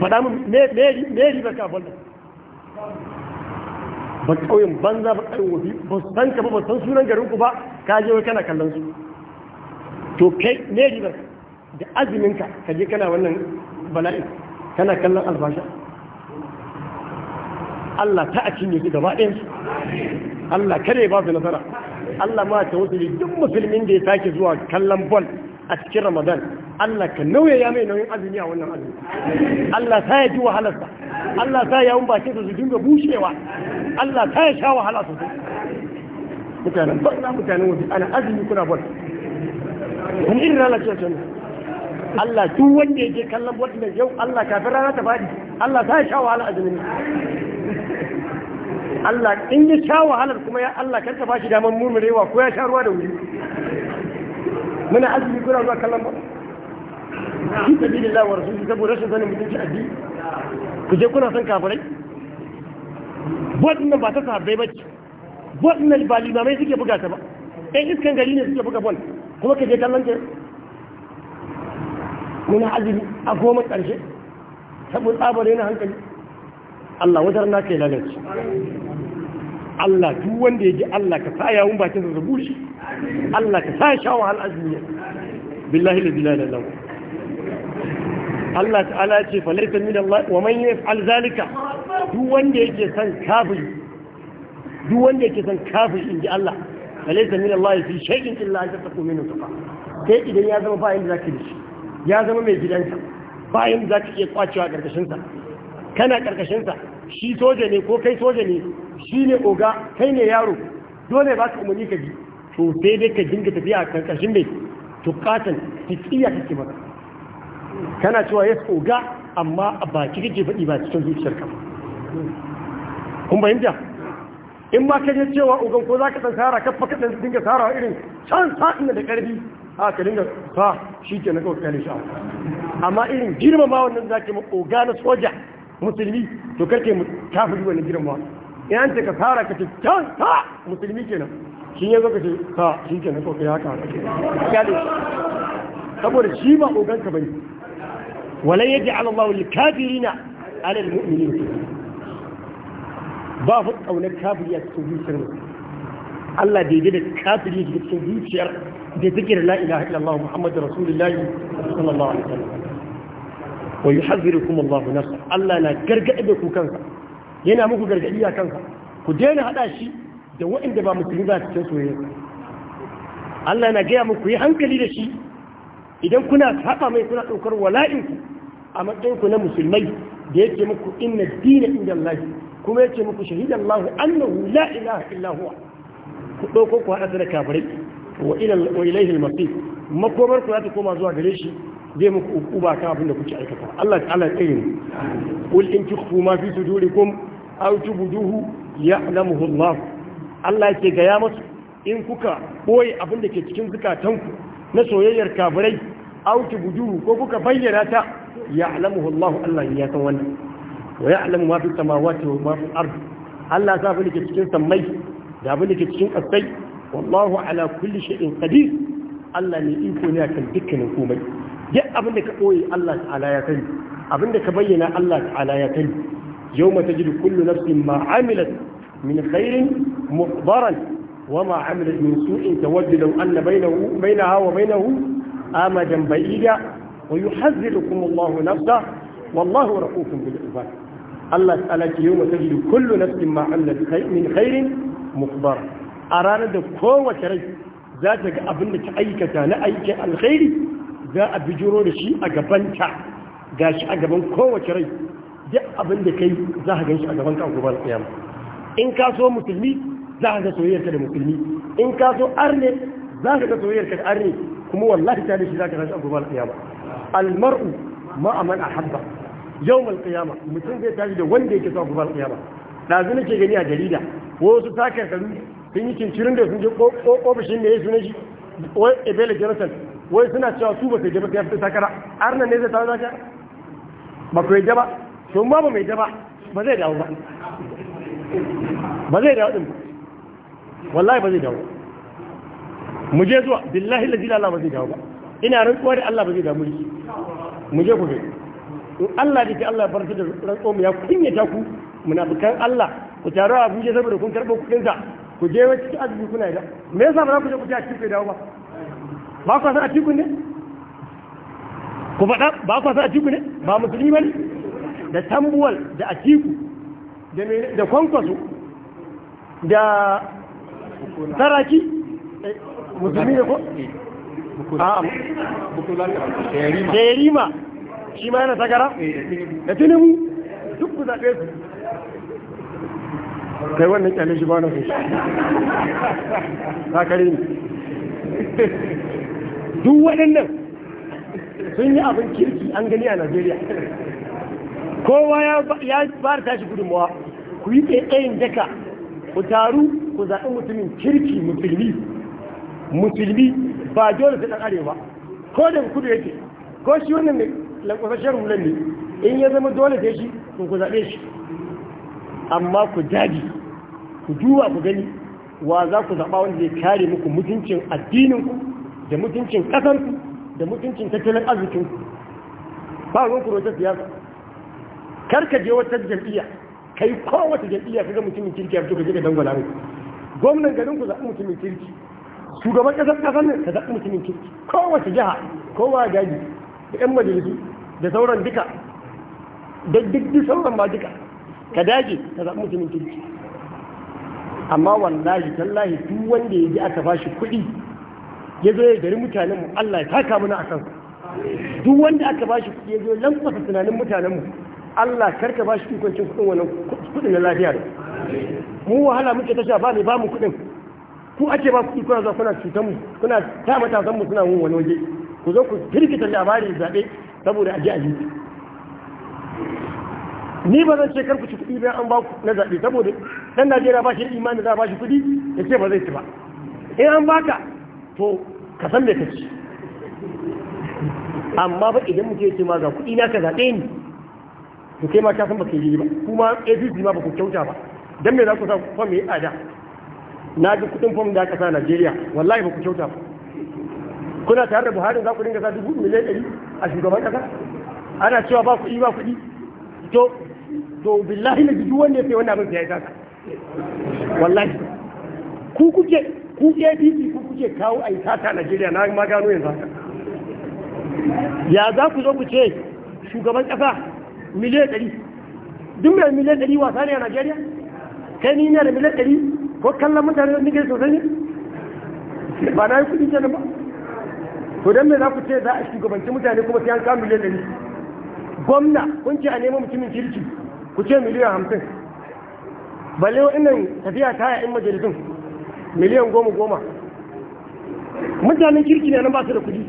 Speaker 1: faɗa mu me riba ka wannan ba kauyen banza ba kauyen wafi ba san ka ba ba san sunan garin ku ba ka je wai kana kallon su to kai me riba da azumin ka ka je kana wannan bala'in kana kallon albasha Allah ta a cinye su gaba ɗayan su Allah kare ba su nasara Allah ma ta wasu duk musulmin da ya sake zuwa kallon bol a cikin Ramadan Allah ka nauye ya mai nauyin azumi a wannan azumi Allah ta ya ji wahalarsa Allah ta ya yawun bakin su dinga bushewa Allah ta ya sha wahala sosai mutanen na mutanen wasu ana azumi kuna bol kun irin lalacewa ce Allah duk wanda ya je kallon bol yau Allah kafin rana ta faɗi Allah ta ya sha wahala azumin Allah in ya sha wahalar kuma ya Allah karka ba shi daman murmurewa ko ya sha ruwa da wuri muna azumi kuna zuwa kallon ba shi sabi da lawar su saboda rashin sanin mutunci addini ku je kuna son kafirai Bodin nan ba ta sahabbai bace Bodin nan ba limamai suke buga ta ba ɗan iskan gari ne suke buga bol kuma ka je kallon ta muna azumi a goma ƙarshe saboda tsabar yana hankali Allah wajen naka ya lalace Allah duk wanda ya ji Allah ka sa yawun bakin da zubu shi Allah ka sa shawo hal azmiya billahi la ilaha illa Allah ta'ala ce fa laysa min Allah wa man yaf'al zalika duk wanda ke son kafin, duk wanda ya ke son kafin in ji Allah fa laysa min Allah ya fi shay'in illa an tattaqu minhu taqa sai idan ya zama bayan da zaka da shi ya zama mai gidansa bayan da zaka iya kwacewa karkashin sa kana karkashinsa shi soja ne ko kai soja ne shi ne oga kai ne yaro dole ba ka umarni ka bi to sai dai ka dinga tafiya a karkashin mai tukatan tsiya kake maka kana cewa yes oga amma a baki kake faɗi ba cikin zuciyarka kun fahimta in ma ka je cewa ogan ko za ka san sara ka faka dan dinga sara irin can sa'in da karfi a ka dinga fa shi ke na kawai kare shi amma irin girmama wannan zaki ma oga na soja musulmi to kake kafiri wani girma yan ta ka fara ka ce can ta musulmi kenan shi ya zo ka ce ta shi kenan ko kai haka kale saboda shi ba ogan ka bane walan yaj'al Allahu lil-kafirina 'ala al-mu'minin ba fa kaunar kafiri a cikin zuciyar Allah bai da kafiri a cikin zuciyar da take da la ilaha illallah Muhammadur Rasulullahi sallallahu alaihi wasallam wa yuhadhirukum Allahu nafsa Allah na gargadi da ku kansa yana muku gargaɗi a kansa ku daina haɗa shi da waɗanda ba musulmi ba cikin soyayya Allah na gaya muku yi hankali da shi idan kuna haɗa mai kuna ɗaukar wala'inku a matsayinku na musulmai da yake muku inna dina inda Allah kuma yake muku shahidan Allah annahu la ilaha illa huwa ku ɗauko ku haɗa da kafirai wa ilaihi al-masir makomar ku za ta koma zuwa gare shi zai muku ukuba kan abin da kuke aikata Allah ta'ala tsaye ne kul in tukhfu ma fi sudurikum aw tubduhu ya'lamuhu Allah Allah ke gaya masu in kuka boye abin da ke cikin zukatanku na soyayyar kafirai aw tubduhu ko kuka bayyana ta ya'lamuhu Allah Allah ya san wannan wa ya'lamu ma fi samawati wa ma fi al-ard Allah ya da ke cikin sammai da abin da ke cikin kasai wallahu ala kulli shay'in qadir Allah ne iko ne akan dukkanin komai duk abinda ka ɓoye Allah ta'ala ya kai abin ka bayyana Allah ta'ala ya kai yau mata jiru kullu nafsin ma amilat min khairin muhdaran wa ma amilat min su'in tawaddu law anna bainahu bainaha wa bainahu amadan ba'ida wa yuhazzirukum Allah nafsa wallahu ra'ufun bil ibad Allah ta'ala ke yau mata jiru kullu nafsin ma amilat min khairin muhdaran a ranar da kowace rai za ta ga abinda da ta aikata na aikin alkhairi za a bijiro da shi a gabanta ga shi a gaban kowace rai duk abin da kai za a gan shi a gaban kan gobe alƙiyama in ka so musulmi za a ga soyayyarka da musulmi in ka so arne za ka ga soyayyarka da arne kuma wallahi ta da shi za ka gan shi a gobe alƙiyama almar'u ma aman ahabba yawmal qiyama mutum zai tashi da wanda yake so a gobe alƙiyama dazu nake gani a jarida wasu takarkaru sun yi cincirin da sun je ofishin da ya suna shi wai ebele jonathan wai suna cewa su ba su jaba kai takara har nan ne zai tawo zaka ba ku jaba to ba ba mai jaba ba zai dawo ba ba zai dawo din ba wallahi ba zai dawo mu je zuwa billahi lazi Allah ba zai dawo ba ina rantsuwa da Allah ba zai dawo mu je ku ga in Allah da ke Allah barka da rantsuwa mu ya kunyata ku munafikan Allah ku taro Abuja saboda kun karɓo kuɗin sa ku je wacce cikin azumi kuna da me yasa ba za ku je ku ci a cikin dawo ba ba ku san atiku ne ku faɗa ba ku san ne ba musulmi ba ne da tambuwal da atiku da kwankwasu da saraki eh, musulmi ne ko a'a da ma. shi ma yana sakara. Eh, da tunimu duk ku zaɓe su kai wannan kyanin shi ba na su sakari ne duk waɗannan sun yi abin kirki an gani a najeriya kowa ya fara tashi gudunmawa ku yi ɗaiɗayin daka ku taru ku zaɓi mutumin kirki musulmi musulmi ba dole su ɗan arewa ko da kudu yake ko shi wani mai lankwasashen rulan ne in ya zama dole da shi ku ku zaɓe shi amma ku daji ku duwa ku gani wa za ku zaɓa wanda zai kare muku mutuncin addininku da mutuncin kasar da mutuncin tattalin arzikin ba ruwanku da wata siyasa karka je wata jam'iyya kai kowace jam'iyya kaga mutumin kirki a cikin jirgin dangwala ne gwamnan garin ku zaɓi mutumin kirki shugaban ƙasar ƙasar nan ka zaɓi mutumin kirki kowace jiha kowa gaji da 'yan majalisu da sauran duka da duk sauran ma duka ka dage ka zaɓi mutumin kirki amma wallahi tallahi duk wanda ya ji aka bashi kuɗi ya zo ya gari mutanenmu Allah ya taka mana akan duk wanda aka bashi kuɗi ya zo lamfasa tunanin mutanenmu Allah karka bashi kukwancin kuɗin wannan kuɗin na lafiya ne mu wahala muke tasha ba mai ba mu kuɗin ku ake ba kuɗi kuna zuwa kuna cutar mu kuna ta matasan mu suna wun wani waje ku zo ku firgita labarin zaɓe saboda a ji a jiki ni ba zan ce kar ku ci kuɗi bayan an ba ku na zaɓe saboda ɗan Najeriya ba shi da imani za a ba shi kuɗi ya ce ba zai ci ba in an baka to ka san me kake amma ba idan muke ce ma ga kuɗi na ka zaɓe ni to kai ma ka san ba ke yi ba kuma APC ma ba ku kyauta ba dan me za ku sa fam yi ada na ji kuɗin fam da kasa Najeriya wallahi ba ku kyauta ba kuna tare da Buhari za ku dinga sa dubu miliyan ɗari a shugaban ƙasa ana cewa ba kuɗi ba kuɗi to to billahi na duk wanda ya sai wannan abin ya yi saka wallahi ku kuke ku APC ku kuke kawo a sata Najeriya na ma gano yanzu haka ya za ku zo ku ce shugaban kasa miliyan ɗari duk mai miliyan ɗari wasa ne a Najeriya kai ni ne da miliyan ɗari ko kallon mutane da nigeria sosai ne ba na yi kuɗi kenan ba to don me za ku ce za a shugabanci mutane kuma sai an kawo miliyan ɗari gwamna kun ce a neman mutumin kirki ku ce miliyan hamsin balewa wa'annan tafiya ta ya'in majalisun miliyan goma goma mutanen kirki ne nan ba su da kudi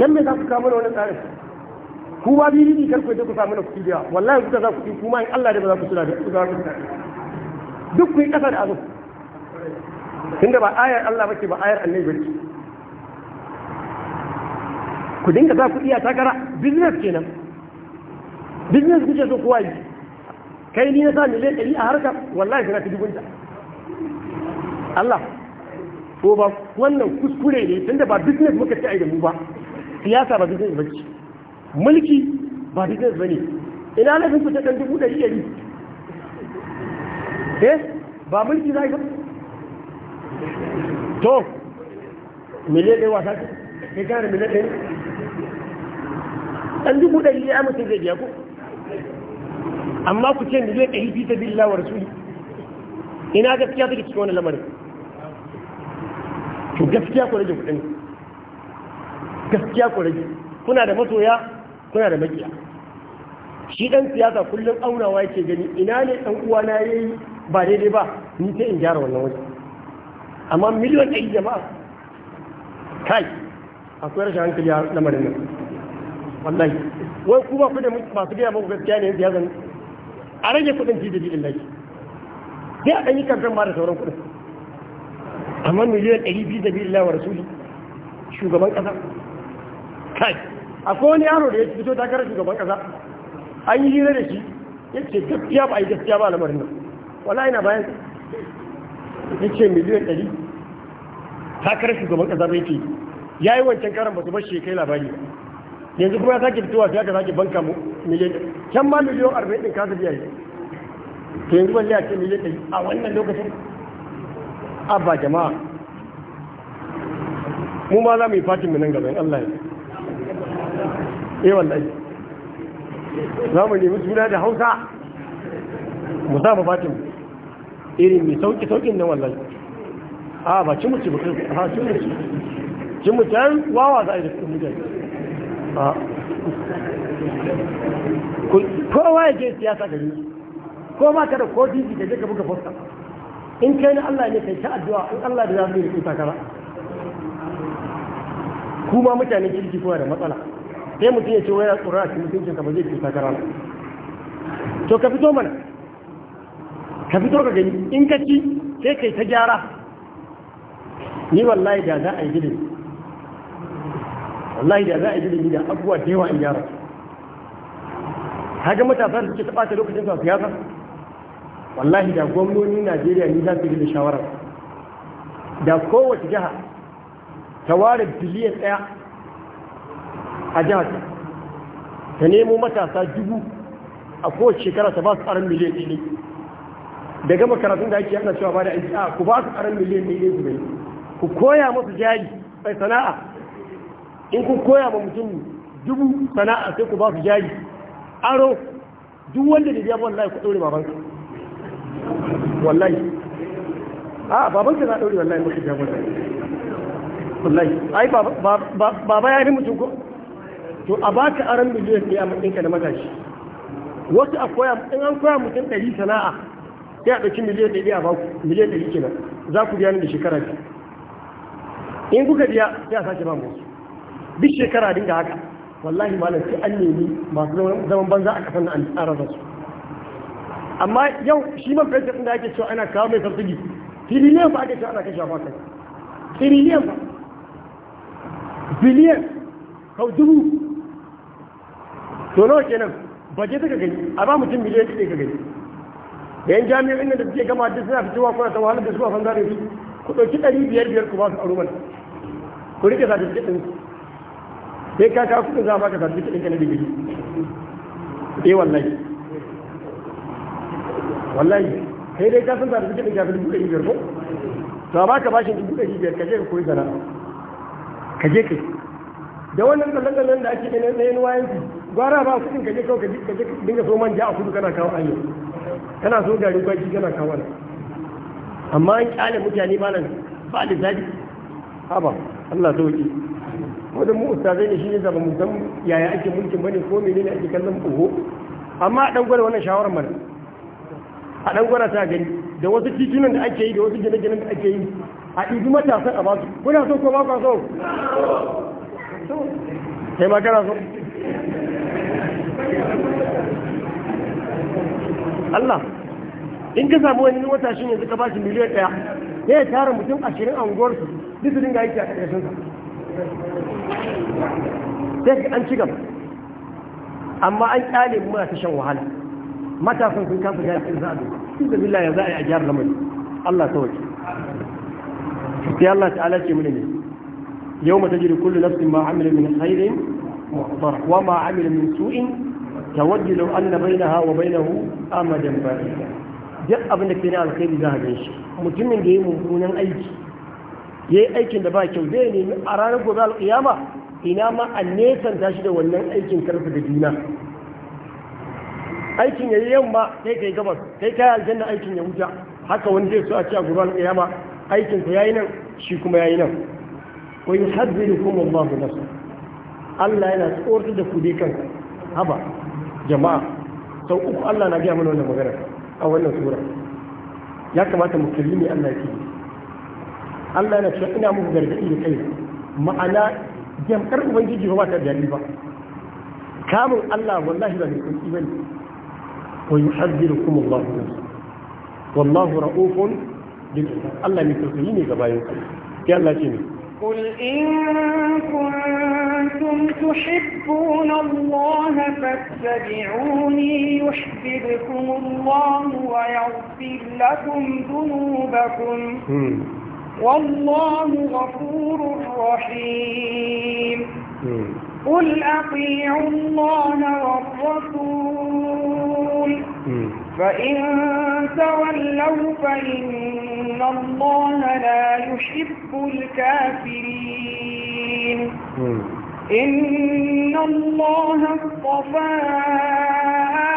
Speaker 1: dan me za ku kawo mana wani tsarin ku ba biyu ne karku da ku samu na kudi da wallahi kuka za ku yi kuma in Allah da ba za ku da ku za ku duk ku yi kasa da azu tunda ba ayar Allah bace ba ayar annabi bace ku dinga za ku iya takara business kenan business kuke so kowa yi kai ni na sa miliyan ɗari a harkar wallahi shiga ta dubunta Allah ko ba wannan kuskure ne da ba business muka ci ai da mu ba siyasa ba business ba ce mulki ba business ba ne ina lafin ku ta ɗan dubu ɗari ɗari eh ba mulki za ka to miliyan ɗaya wasa ce kai gane miliyan ɗaya ɗan dubu ɗari ɗaya mutum zai biya ko amma ku ce miliyan ɗari fi ta billahi wa rasuli ina gaskiya take cikin wani lamarin to gaskiya ku rage kuɗin gaskiya ku rage kuna da masoya kuna da makiya shi ɗan siyasa kullum aunawa yake gani ina ne ɗan uwa ya yi ba daidai ba ni sai in gyara wannan wajen amma miliyan ɗari jama'a kai akwai rashin hankali a lamarin nan wallahi wai ku ba ku da masu gaya muku gaskiya ne ya siyasa a rage kuɗin fi da jidin laki sai a ɗanyi yi kamfen ma da sauran kudin amma miliyan 200 da biyu lawa rasuli shugaban kasa kai akwai wani yaro da ya fito takara shugaban kasa an yi hira da shi ya ce gaskiya ba a yi gaskiya ba lamarin nan wala ina bayan ya ce miliyan 100 takara shugaban kasa bai ce ya yi wancan karan ba su bar shi kai labari yanzu kuma ya sake fitowa sai aka sake banka miliyan can ma miliyan 40 din kasa biya yi to yanzu balle a ce miliyan 100 a wannan lokacin abba jama'a mu ma za mu yi fatin mu nan gaba Allah ya eh wallahi za mu nemi suna da Hausa mu za mu fatin irin mai sauki saukin nan wallahi a ba cin mutu ba ha mu ci cin mutu an wawa za a yi da mu da a kowa ya je siyasa gari ko ma ka da kodin jiji ka ka buga fosta in kai na Allah ne kai ta addu'a in Allah da za su yi kuka ka ba kuma mutane kirki kuma da matsala sai mutum ya ce waya ya a cikin mutuncin ba zai kuka ka ba to ka fito mana ka fito ka gani in ka ci sai kai ta gyara ni wallahi da za a yi gidan wallahi da za a yi gidan da abubuwa da yawa in gyara ka ga matasa da suke ta lokacin su a siyasa wallahi da gwamnonin najeriya ni za su da shawarar da kowace jiha ta ware biliyan ɗaya a jihar ta nemo matasa dubu a kowace shekara ta ba su tsarin miliyan ɗaya daga karatun da ake yana cewa ba da aiki a ku ba su tsarin miliyan ɗaya su bai ku koya masu jari mai sana'a in ku koya ma mutum dubu sana'a sai ku ba su jari aro duk wanda da biya wallahi ku ɗaure babansa wallahi a ah, baban ka za a ɗaure wallahi muka jagora wallahi ai baba ya yi mutum ko to a baka aran miliyan ɗaya a matsayinka da matashi wasu a koya in an koya mutum ɗari sana'a sai a ɗauki miliyan ɗari a baku miliyan ɗari kenan za ku biya ni da shekara biyu in kuka biya sai a sake ba mu duk shekara dinga haka wallahi malam sai an nemi masu zaman banza a kasan an tsara su amma yau shi man fesa ɗin da ake cewa ana kawo mai sarsugi tiriliyan ba ake cewa ana kashe ba kai tiriliyan ba biliyan kau dubu to nawa kenan baje ta gani a ba mutum miliyan ɗaya ka gani da yan nan da suke gama duk suna fitowa kuna ta wahalar da su a banza su ku ɗauki ɗari biyar biyar ku ba su aro mana ku rike certificate ɗin sai ka kawo kuɗin za a baka certificate ɗin ka na digiri Ewan eh, wallahi wallahi sai dai ka san da kake da dubu buɗe biyar ko to ba ka bashi dubu ɗari biyar ka je ka koyi sana'a ka je kai da wannan tsallan da ake ganin tsayin wayan gwara ba su ka je kawai ka je ka dinga so manja a kudu kana kawo ayo kana so garin kwaki kana kawo amma an kyale mutane ba nan ba da zabi haba Allah sauki wanda mu ustazai ne shine zaba mu san yaya ake mulkin bane ko menene ake kallon buho amma dan gwada wannan shawarar mana a ɗan gwada ta gani da wasu titunan da ake yi da wasu gine-ginen da ake yi a ɗibi matasan a basu kuna so ko ba kwa so sai ma kana so Allah in ka samu wani wata shi yanzu ka bashi miliyan ɗaya ya tara mutum ashirin a unguwarsu duk su dinga aiki a ƙarƙashin sa sai ka an ci gaba amma an ƙyale mu ta shan wahala matasan sun kasa gaya sun zaɓe cikin da billahi za a yi a jihar lamari Allah ta wace sai Allah ta'ala alace mini ne yau mata jiri kullu nafsin ma amila min khairin wa ma amila min su'in an na anna bainaha wa hu amadan ba'ida duk abin da ke na alkhairi za a gan shi mutumin da ya yi mummunan aiki ya yi aikin da ba kyau zai nemi a ranar gobe alƙiyama ina ma a nesanta tashi da wannan aikin karfa da juna aikin ya yi yamma kai kai gabas kai kai aljanna aikin ya wuta haka wani zai so a cewa a gurbin kiyama aikin ku yayi nan shi kuma yayi nan wa yuhadzirukum Allahu nafsa Allah yana tsortar da ku dai kanka haba jama'a sau uku Allah na gaya mana wannan magana a wannan sura ya kamata mu kalli me Allah yake Allah yana cewa ina muku gargadi da kai ma'ana jam'ar ubangiji ba ta da ba kamun Allah wallahi ba mai kun ibani ويحذركم الله نفسه والله رؤوف بالعباد الله يتوفيني غبايوكم يا الله جميل
Speaker 2: قل إن كنتم تحبون الله فاتبعوني يحببكم الله ويغفر لكم ذنوبكم والله غفور رحيم قل أطيعوا الله والرسول فإن تولوا فإن الله لا يحب الكافرين إن الله اصطفى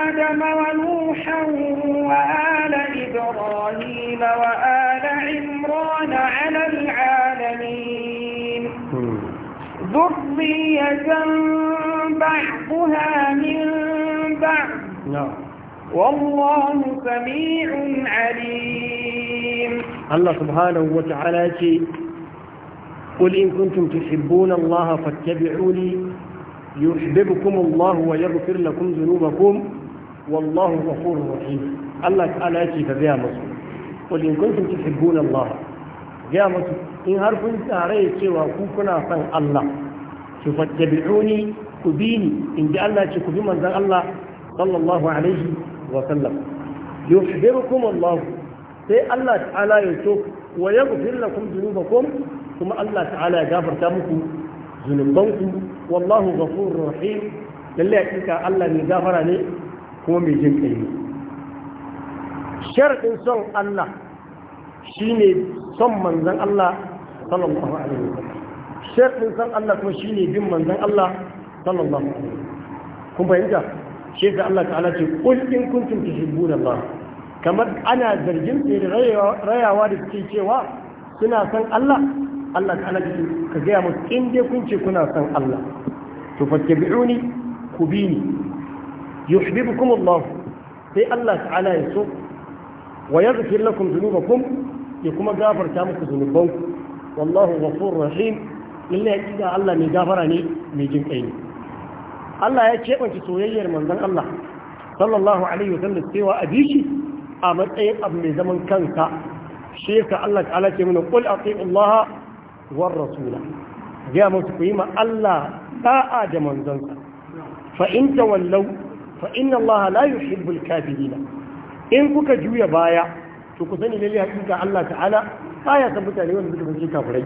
Speaker 2: آدم ونوحا وآل إبراهيم وآل ذرية بعضها من بعض نعم والله سميع عليم
Speaker 1: الله سبحانه وتعالى قل إن كنتم تحبون الله فاتبعوني يحببكم الله ويغفر لكم ذنوبكم والله غفور رحيم الله تعالى يأتي فبيا مصر قل إن كنتم تحبون الله جاء مصر إن هرفوا عليك وكوكنا فان الله ki fattabi'uni ku bi ni in ji Allah ce ku bi manzon Allah sallallahu alaihi wa sallam yuhdirukum Allah sai Allah ta'ala ya so wa yaghfir lakum dhunubakum kuma Allah ta'ala ya gafarta muku zunubanku wallahu ghafurur rahim lalle hakika Allah mai gafara ne kuma mai jin kai ne sharadin son Allah shine son manzon Allah sallallahu alaihi wa sallam shekhin san Allah kuma shi ne bin manzan Allah sallallahu alaihi kun fahimta shi da Allah ta'ala ce kul ta kuntum tuhibbuna ba kamar ana zargin su da rayawa da suke cewa suna san Allah Allah ta'ala ce ka gaya musu in dai kun ce kuna san Allah to fattabi'uni ku bi ni yuhibbukum Allah sai Allah ta'ala ya so wa yaghfir lakum dhunubakum ya kuma gafarta muku zunubanku wallahu ghafurur rahim ya hakika Allah mai gafara ne mai jin kai ne Allah ya keɓanci soyayyar manzan Allah sallallahu alaihi wasallam cewa a bishi a matsayin abu mai zaman kanka shi ka Allah ta'ala ce mana qul atiiu Allah war rasula ga mutu ku yi ma Allah da'a da manzansa. fa in tawallaw fa inna Allah la yuhibbul kafirin in kuka juya baya to ku sani lalle hakika Allah ta'ala baya san mutane wanda suka bi kafirai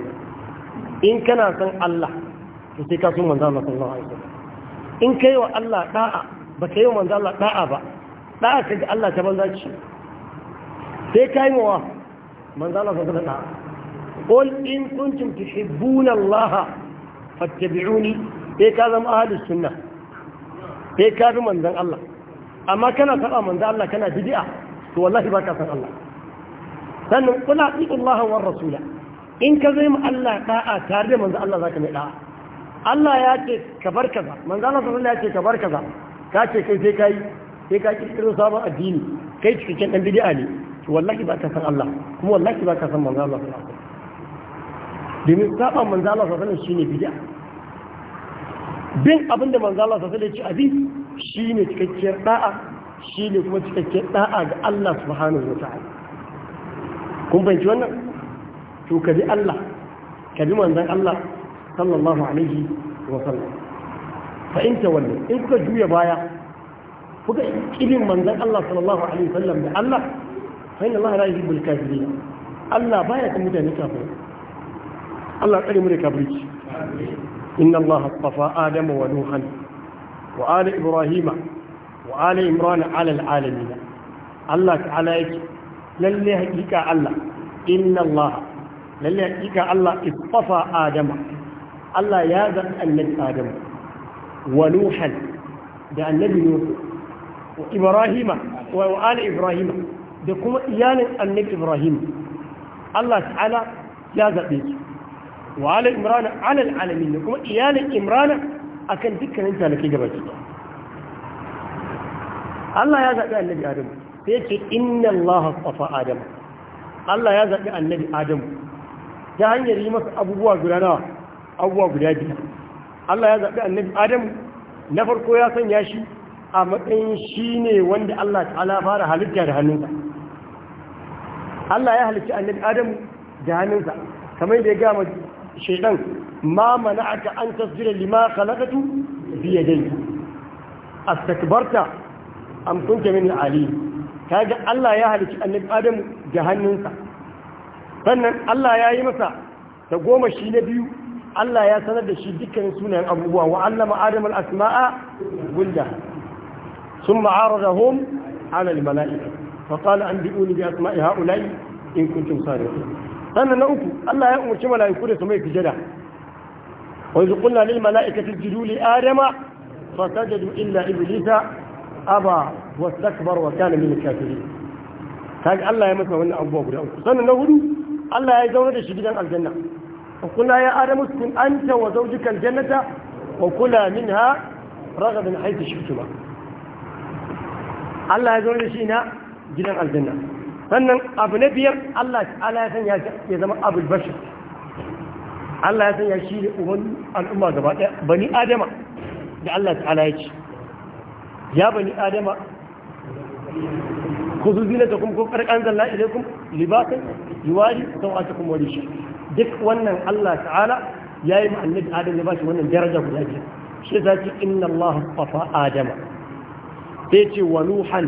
Speaker 1: in kana san Allah to sai ka so manzo Allah sallallahu alaihi wasallam in kai wa Allah da'a ba yi wa manzo Allah da'a ba da'a ka ga Allah ta banza ci sai kai mawa manzo Allah sallallahu alaihi wasallam قل إن كنتم تحبون الله fattabi'uni sai ka zama ahlus sunna sai ka bi manzon Allah amma kana saba manzon Allah kana bid'a to wallahi baka san Allah sannan kula atiqu Allah wa rasula in ka zai ma Allah da'a tare da manzo Allah zaka mai da'a Allah ya ce ka bar kaza manzo Allah sallallahu alaihi ya ce ka bar kaza ka ce kai sai kai sai ka kirkiro sabon addini kai cikakken dan bid'a ne wallahi ba ka san Allah kuma wallahi ba ka san manzo Allah sallallahu alaihi domin saba manzo Allah sallallahu alaihi shine bid'a bin abin da manzo Allah sallallahu alaihi ya ce abi shine cikakkiyar da'a shine kuma cikakkiyar da'a ga Allah subhanahu wa ta'ala kun fahimci wannan to ka bi Allah ka bi manzon Allah sallallahu alaihi wa sallam fa in tawallu in kuka juya baya kuka kidin manzon Allah sallallahu alaihi wa sallam da Allah fa inna Allah la yuhibbul kafirin Allah baya kan mutane kafirai Allah tsare mu da kafirci inna Allah astafa Adam wa Nuhan wa ala Ibrahim wa ala Imran ala alamin Allah ta'ala yake lalle hakika Allah inna Allah lalle hakika Allah istafa Adama Allah ya zaɓi annabi Adama wa Nuhan da annabi Nuhu wa Ibrahima wa ali Ibrahima da kuma iyalin annabi Ibrahim Allah ta'ala ya zaɓe su wa ala Imran ala alamin da kuma iyalin Imran akan dukkanin talakai gabaki Allah ya zaɓi annabi Adamu sai ce inna Allah astafa Adama Allah ya zaɓi annabi Adamu ta hanyar yi masa abubuwa guda nawa abubuwa guda biyu Allah ya zaɓi annabi Adam na farko ya sanya shi a matsayin shi ne wanda Allah ta'ala fara halitta da hannunsa Allah ya halitta annabi Adam da hannunsa kamar da ya gama shaidan ma mana'aka an tasjira lima khalaqatu bi yadayka astakbarta am kunta min ali kaga Allah ya halitta annabi Adam da hannunsa sannan Allah ya yi masa ta goma shi na biyu Allah ya sanar da shi dukkanin sunayen abubuwa wa allama adam al-asma'a gulla ثم عرضهم على الملائكة فقال أنبئوني بأسماء هؤلاء إن كنتم صادقين أنا نأكو الله يأمر كما لا يكون سميك جدا وإذ قلنا للملائكة اسجدوا لآدم فسجدوا إلا إبليس أبى واستكبر وكان من الكافرين كان الله يمسنا وأن أبوه بلا أنكو سنة نهدو Allah ya zaune da shi gidan aljanna wa kula ya adamu kun anta wa zawjika aljannata wa kula minha ragadan haythu shi'tuma Allah ya zaune da shi na gidan aljanna sannan abu na biyar Allah ta'ala ya sanya ya zama abul bashir Allah ya sanya shi ne uban al'umma gaba daya bani adama da Allah ta'ala ya ce ya bani adama ku zuzina da kuma ko karkan zalla ilaikum libasan yuwari sawatukum wa shi duk wannan Allah ta'ala ya yi annabi Adam ya ba shi wannan daraja guda biyar shi ci inna Allah safa Adam sai ce wa Nuhan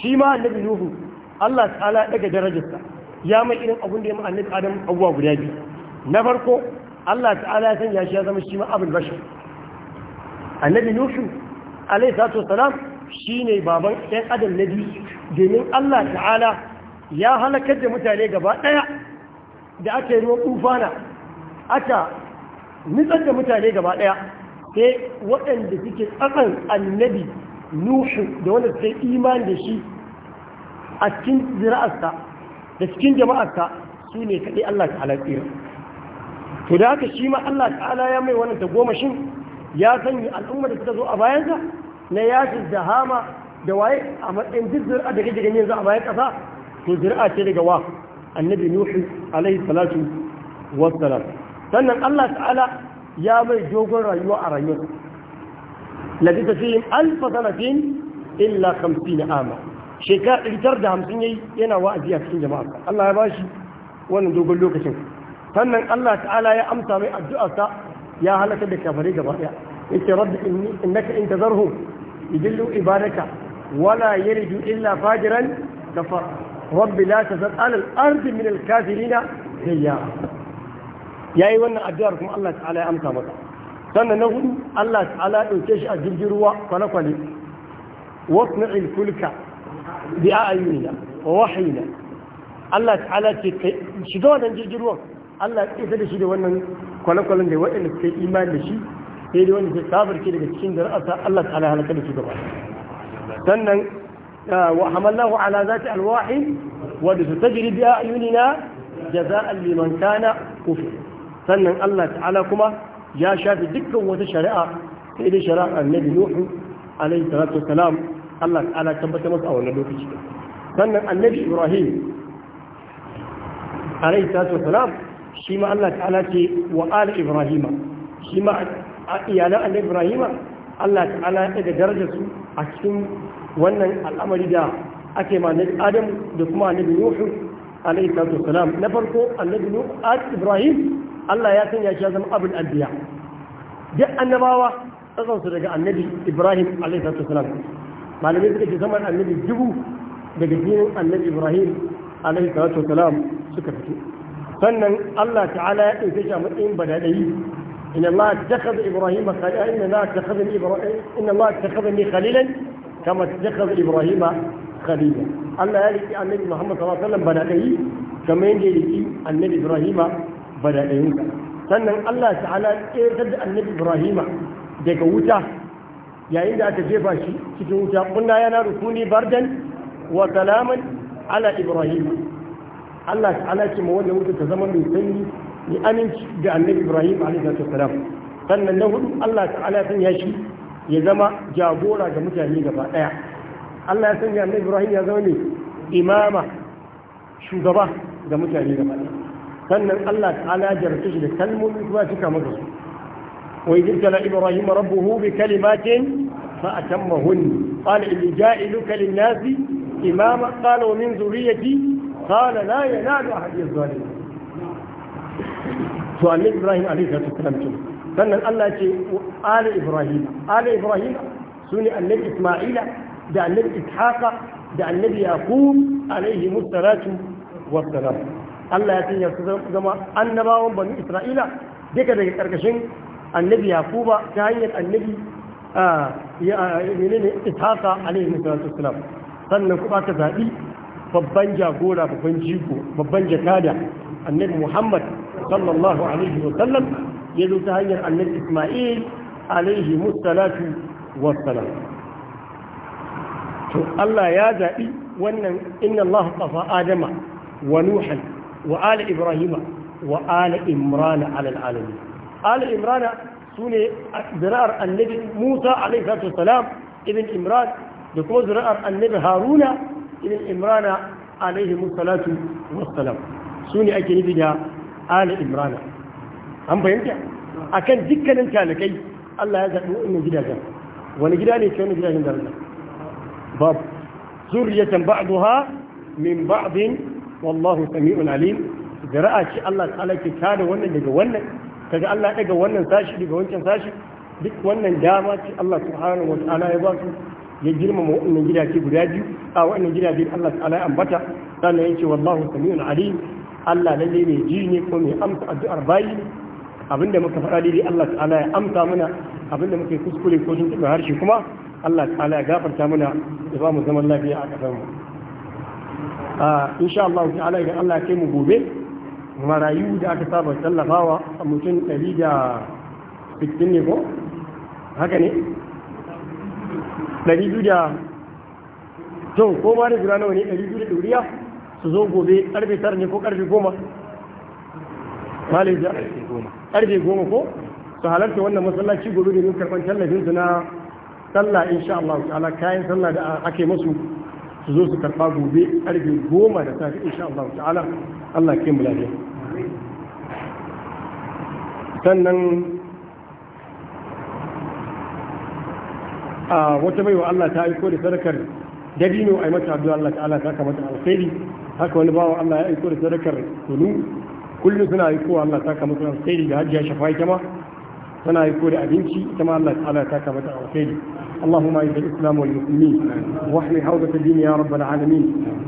Speaker 1: shi ma annabi Nuhu Allah ta'ala daga darajarsa ya mai irin abun da ya ma annabi Adam abuwa guda biyu na farko Allah ta'ala ya sanya shi ya zama shi ma abul bashar annabi Nuhu alaihi salatu wassalam shine baban ɗan adam na biyu domin Allah ta'ala ya halakar da mutane gaba ɗaya da aka yi ruwan tufana aka nitsar da mutane gaba ɗaya sai waɗanda suke tsakan annabi nuhu da wanda suke iman da shi a cikin zira'arsa da cikin jama'arsa su ne kaɗai Allah ta'ala tsira to da haka shi ma Allah ta'ala ya mai wannan tagomashin ya sanya al'ummar da suka zo a bayansa na yashin da hama da waye a matsayin duk zira'a da kake ganin yanzu a bayan ƙasa to zuri'a ce daga wa annabi nuhu alaihi salatu wassalam sannan Allah ta'ala ya mai dogon rayuwa a rayuwar lafi tafiyin alfa sanatin illa kamsi na ama shekara ɗitar da hamsin yayi yana wa'azi a cikin jama'a Allah ya bashi wannan dogon lokacin sannan Allah ta'ala ya amsa mai addu'arsa ya halaka da kafare gaba ɗaya yace rabbi innaka in tazarhum yudillu ibadaka wala yaridu illa fajiran kafara rabbi la tazar alal ardi min al kafirina wannan addu'ar kuma Allah ya amsa masa sannan na hudu Allah ta'ala dauke shi a jirgin ruwa kwale a wasna'il kulka bi a'yunina wa wahyina Allah ta'ala ce shiga wannan jirgin ruwan Allah ya isa shi da wannan kwale-kwalen da waɗanda suka yi imani da shi sai da wanda suka kafirce daga cikin da ra'asa Allah ta'ala halaka da su gaba sannan وحملناه على ذات ألواح وتجري بأعيننا جزاء لمن كان كفر sannan Allah ta'ala kuma ya shafi dukkan wata shari'a sai dai shari'a annabi Nuhu alaihi salatu wassalam Allah ta'ala tabbata a wannan lokaci sannan annabi Ibrahim alaihi salatu Allah ta'ala ce wa ala Ibrahima shi ma iyalan Allah ta'ala darajar su a cikin wannan al'amari da ake ma annabi adam da kuma annabi nuhu alayhi salatu wasalam na farko annabi nuh nuhu ibrahim Allah ya sanya shi zama abul anbiya duk annabawa tsatsan su daga annabi ibrahim alayhi salatu wasalam malamai suka ce zaman annabi dubu daga jinin annabi ibrahim alayhi salatu wasalam suka fito sannan Allah ta'ala ya ɗauke shi a matsayin badadai إن الله اتخذ إبراهيم خليلا إن الله اتخذني إبراهيم إن الله اتخذني خليلا kama tattakhaz ibrahima khalila Allah ya riki annabi Muhammad sallallahu alaihi wasallam bada dai kamar yadda ya riki annabi Ibrahima bada dayin sannan Allah ta'ala ya tsayar da annabi Ibrahim daga wuta yayin da aka jefa shi cikin wuta kunna yana rukuni bardan wa salaman ala Ibrahim Allah ta'ala ce ma wannan wuta ta zama mai sanyi ni aminci da annabi Ibrahim alaihi salam sannan na hudu Allah ta'ala ya sanya shi ya zama jagora ga mutane gaba daya Allah ya sanya annabi Ibrahim ya zama ne imama shugaba ga mutane gaba daya sannan Allah ta'ala ya jarrace shi da kalmomi kuma ya cika masa su wa yajtala Ibrahim rabbuhu bi kalimatin fa atammahun qala inni ja'iluka lin-nasi imama qala wa min dhurriyyati qala la yanalu ahad az-zalimin to annabi Ibrahim alayhi salatu wassalam sannan Allah ce Ali ibrahim Ali ibrahim sune annabi isma'ila da annabi ishaqa da annabi yaqub alaihi musallatu wassalam Allah ya sanya su zama annabawan bani isra'ila duka daga karkashin annabi yaquba ta hanyar annabi menene ishaqa alaihi musallatu wassalam sannan kuma ka zabi babban jagora babban jiko babban jakada annabi muhammad sallallahu alaihi wasallam يدو تهيئ أن إسماعيل عليه الصلاة والسلام الله يا زائي وإن إن الله قفى آدم ونوحا وآل إبراهيم وآل إمران على العالمين آل إمران سنة ذرار النبي موسى عليه الصلاة والسلام ابن إمران دكو ذرار النبي هارون ابن إمران عليه الصلاة والسلام سنة أجنبها آل إمران آل إمران an fahimta akan dukkanin talakai Allah ya zaɓi wannan gidajen wani gida ne ke wani gidajen daraja babu zurriyatan ba'daha min ba'din wallahu sami'un alim zira'a ce Allah ta'ala ta da wannan daga wannan kaga Allah ya daga wannan sashi daga wancan sashi duk wannan dama ce Allah subhanahu wa ta'ala ya ba su ya girmama wannan gidaje guda biyu a wannan gidaje Allah ta'ala ya ambata sannan ya ce wallahu sami'un alim Allah lalle ne ji ne ko mai amsa addu'ar bayi abinda muka faɗa daidai Allah ta'ala ya amsa mana abinda muka yi kuskure ko sun taɓa harshe kuma Allah ta'ala ya gafarta mana ya ba mu zaman lafiya a ƙasar mu insha Allah ta'ala idan Allah ya kai mu gobe marayu da aka saba tallafawa a mutum ɗari da sittin ne ko haka ne ɗari biyu da to ko ba da jira nawa ne ɗari biyu da ɗuriya su zo gobe ƙarfe tara ne ko ƙarfe goma Malaysia da ƙarfe goma karfe goma ko su halarta wannan masallaci gobe domin karɓar tallafin su na sallah sha Allah ta'ala kayan sallah da ake musu su zo su karfa gobe karfe goma da safe sha Allah ta'ala Allah ke mu sannan a wata wa Allah ta aiko da sadakar dabino a yi mata addu'a Allah ta'ala ta kamata alkhairi haka wani bawa Allah ya aiko da sadakar kunu kullum suna yi kowa Allah saka musu alkhairi da hajjiya shafa ita ma tana yi ko da abinci ita ma Allah ta'ala saka mata alkhairi اللهم اعز الاسلام والمسلمين واحمي حوزه الدين يا رب العالمين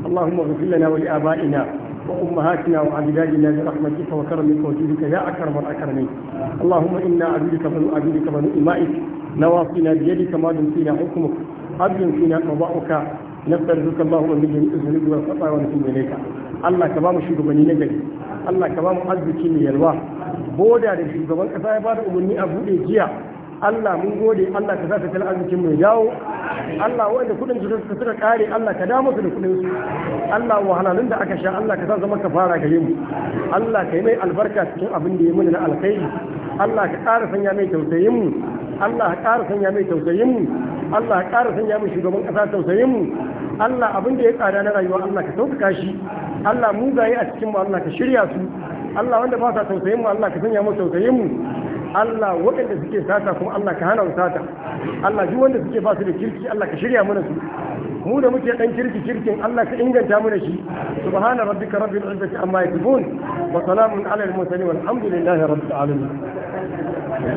Speaker 1: اللهم اغفر لنا ولابائنا وامهاتنا وعبادنا برحمتك وكرمك وجودك يا اكرم الاكرمين اللهم انا عبيدك بنو عبيدك بنو امائك نواصينا بيدك ماض فينا حكمك عدل فينا قضاؤك نسترزقك اللهم من جميع الذنوب والخطايا ونتوب اليك الله كبار الشيخ بني نجري Allah ka ba mu arziki mai yalwa boda da shugaban kasa ya bada umarni a bude jiya Allah mun gode Allah ka sa tattalin arzikin mai dawo Allah wanda kudin su suka kare Allah ka damu su da kudin su Allah wahalalun da aka sha Allah ka sa zama ka fara gare mu Allah ka yi mai albarka cikin abin da ya muni na alkhairi Allah ka ƙara sanya mai tausayin mu Allah ƙara sanya mai tausayin mu Allah ƙara sanya mai shugaban ƙasa tausayin mu Allah abin da ya tsada na rayuwa Allah ka sauƙaƙa shi Allah mugaye a cikin mu Allah ka shirya su Allah wanda ba sa tausayin mu Allah ka sanya mu tausayin mu Allah waɗanda suke sata kuma Allah ka hana mu sata Allah duk wanda suke ba su da kirki Allah ka shirya mana su mu da muke dan kirki kirkin Allah ka inganta mana da shi subhana rabbika rabbil izzati amma yasifun wa salamun alal mursalin walhamdulillahi rabbil alamin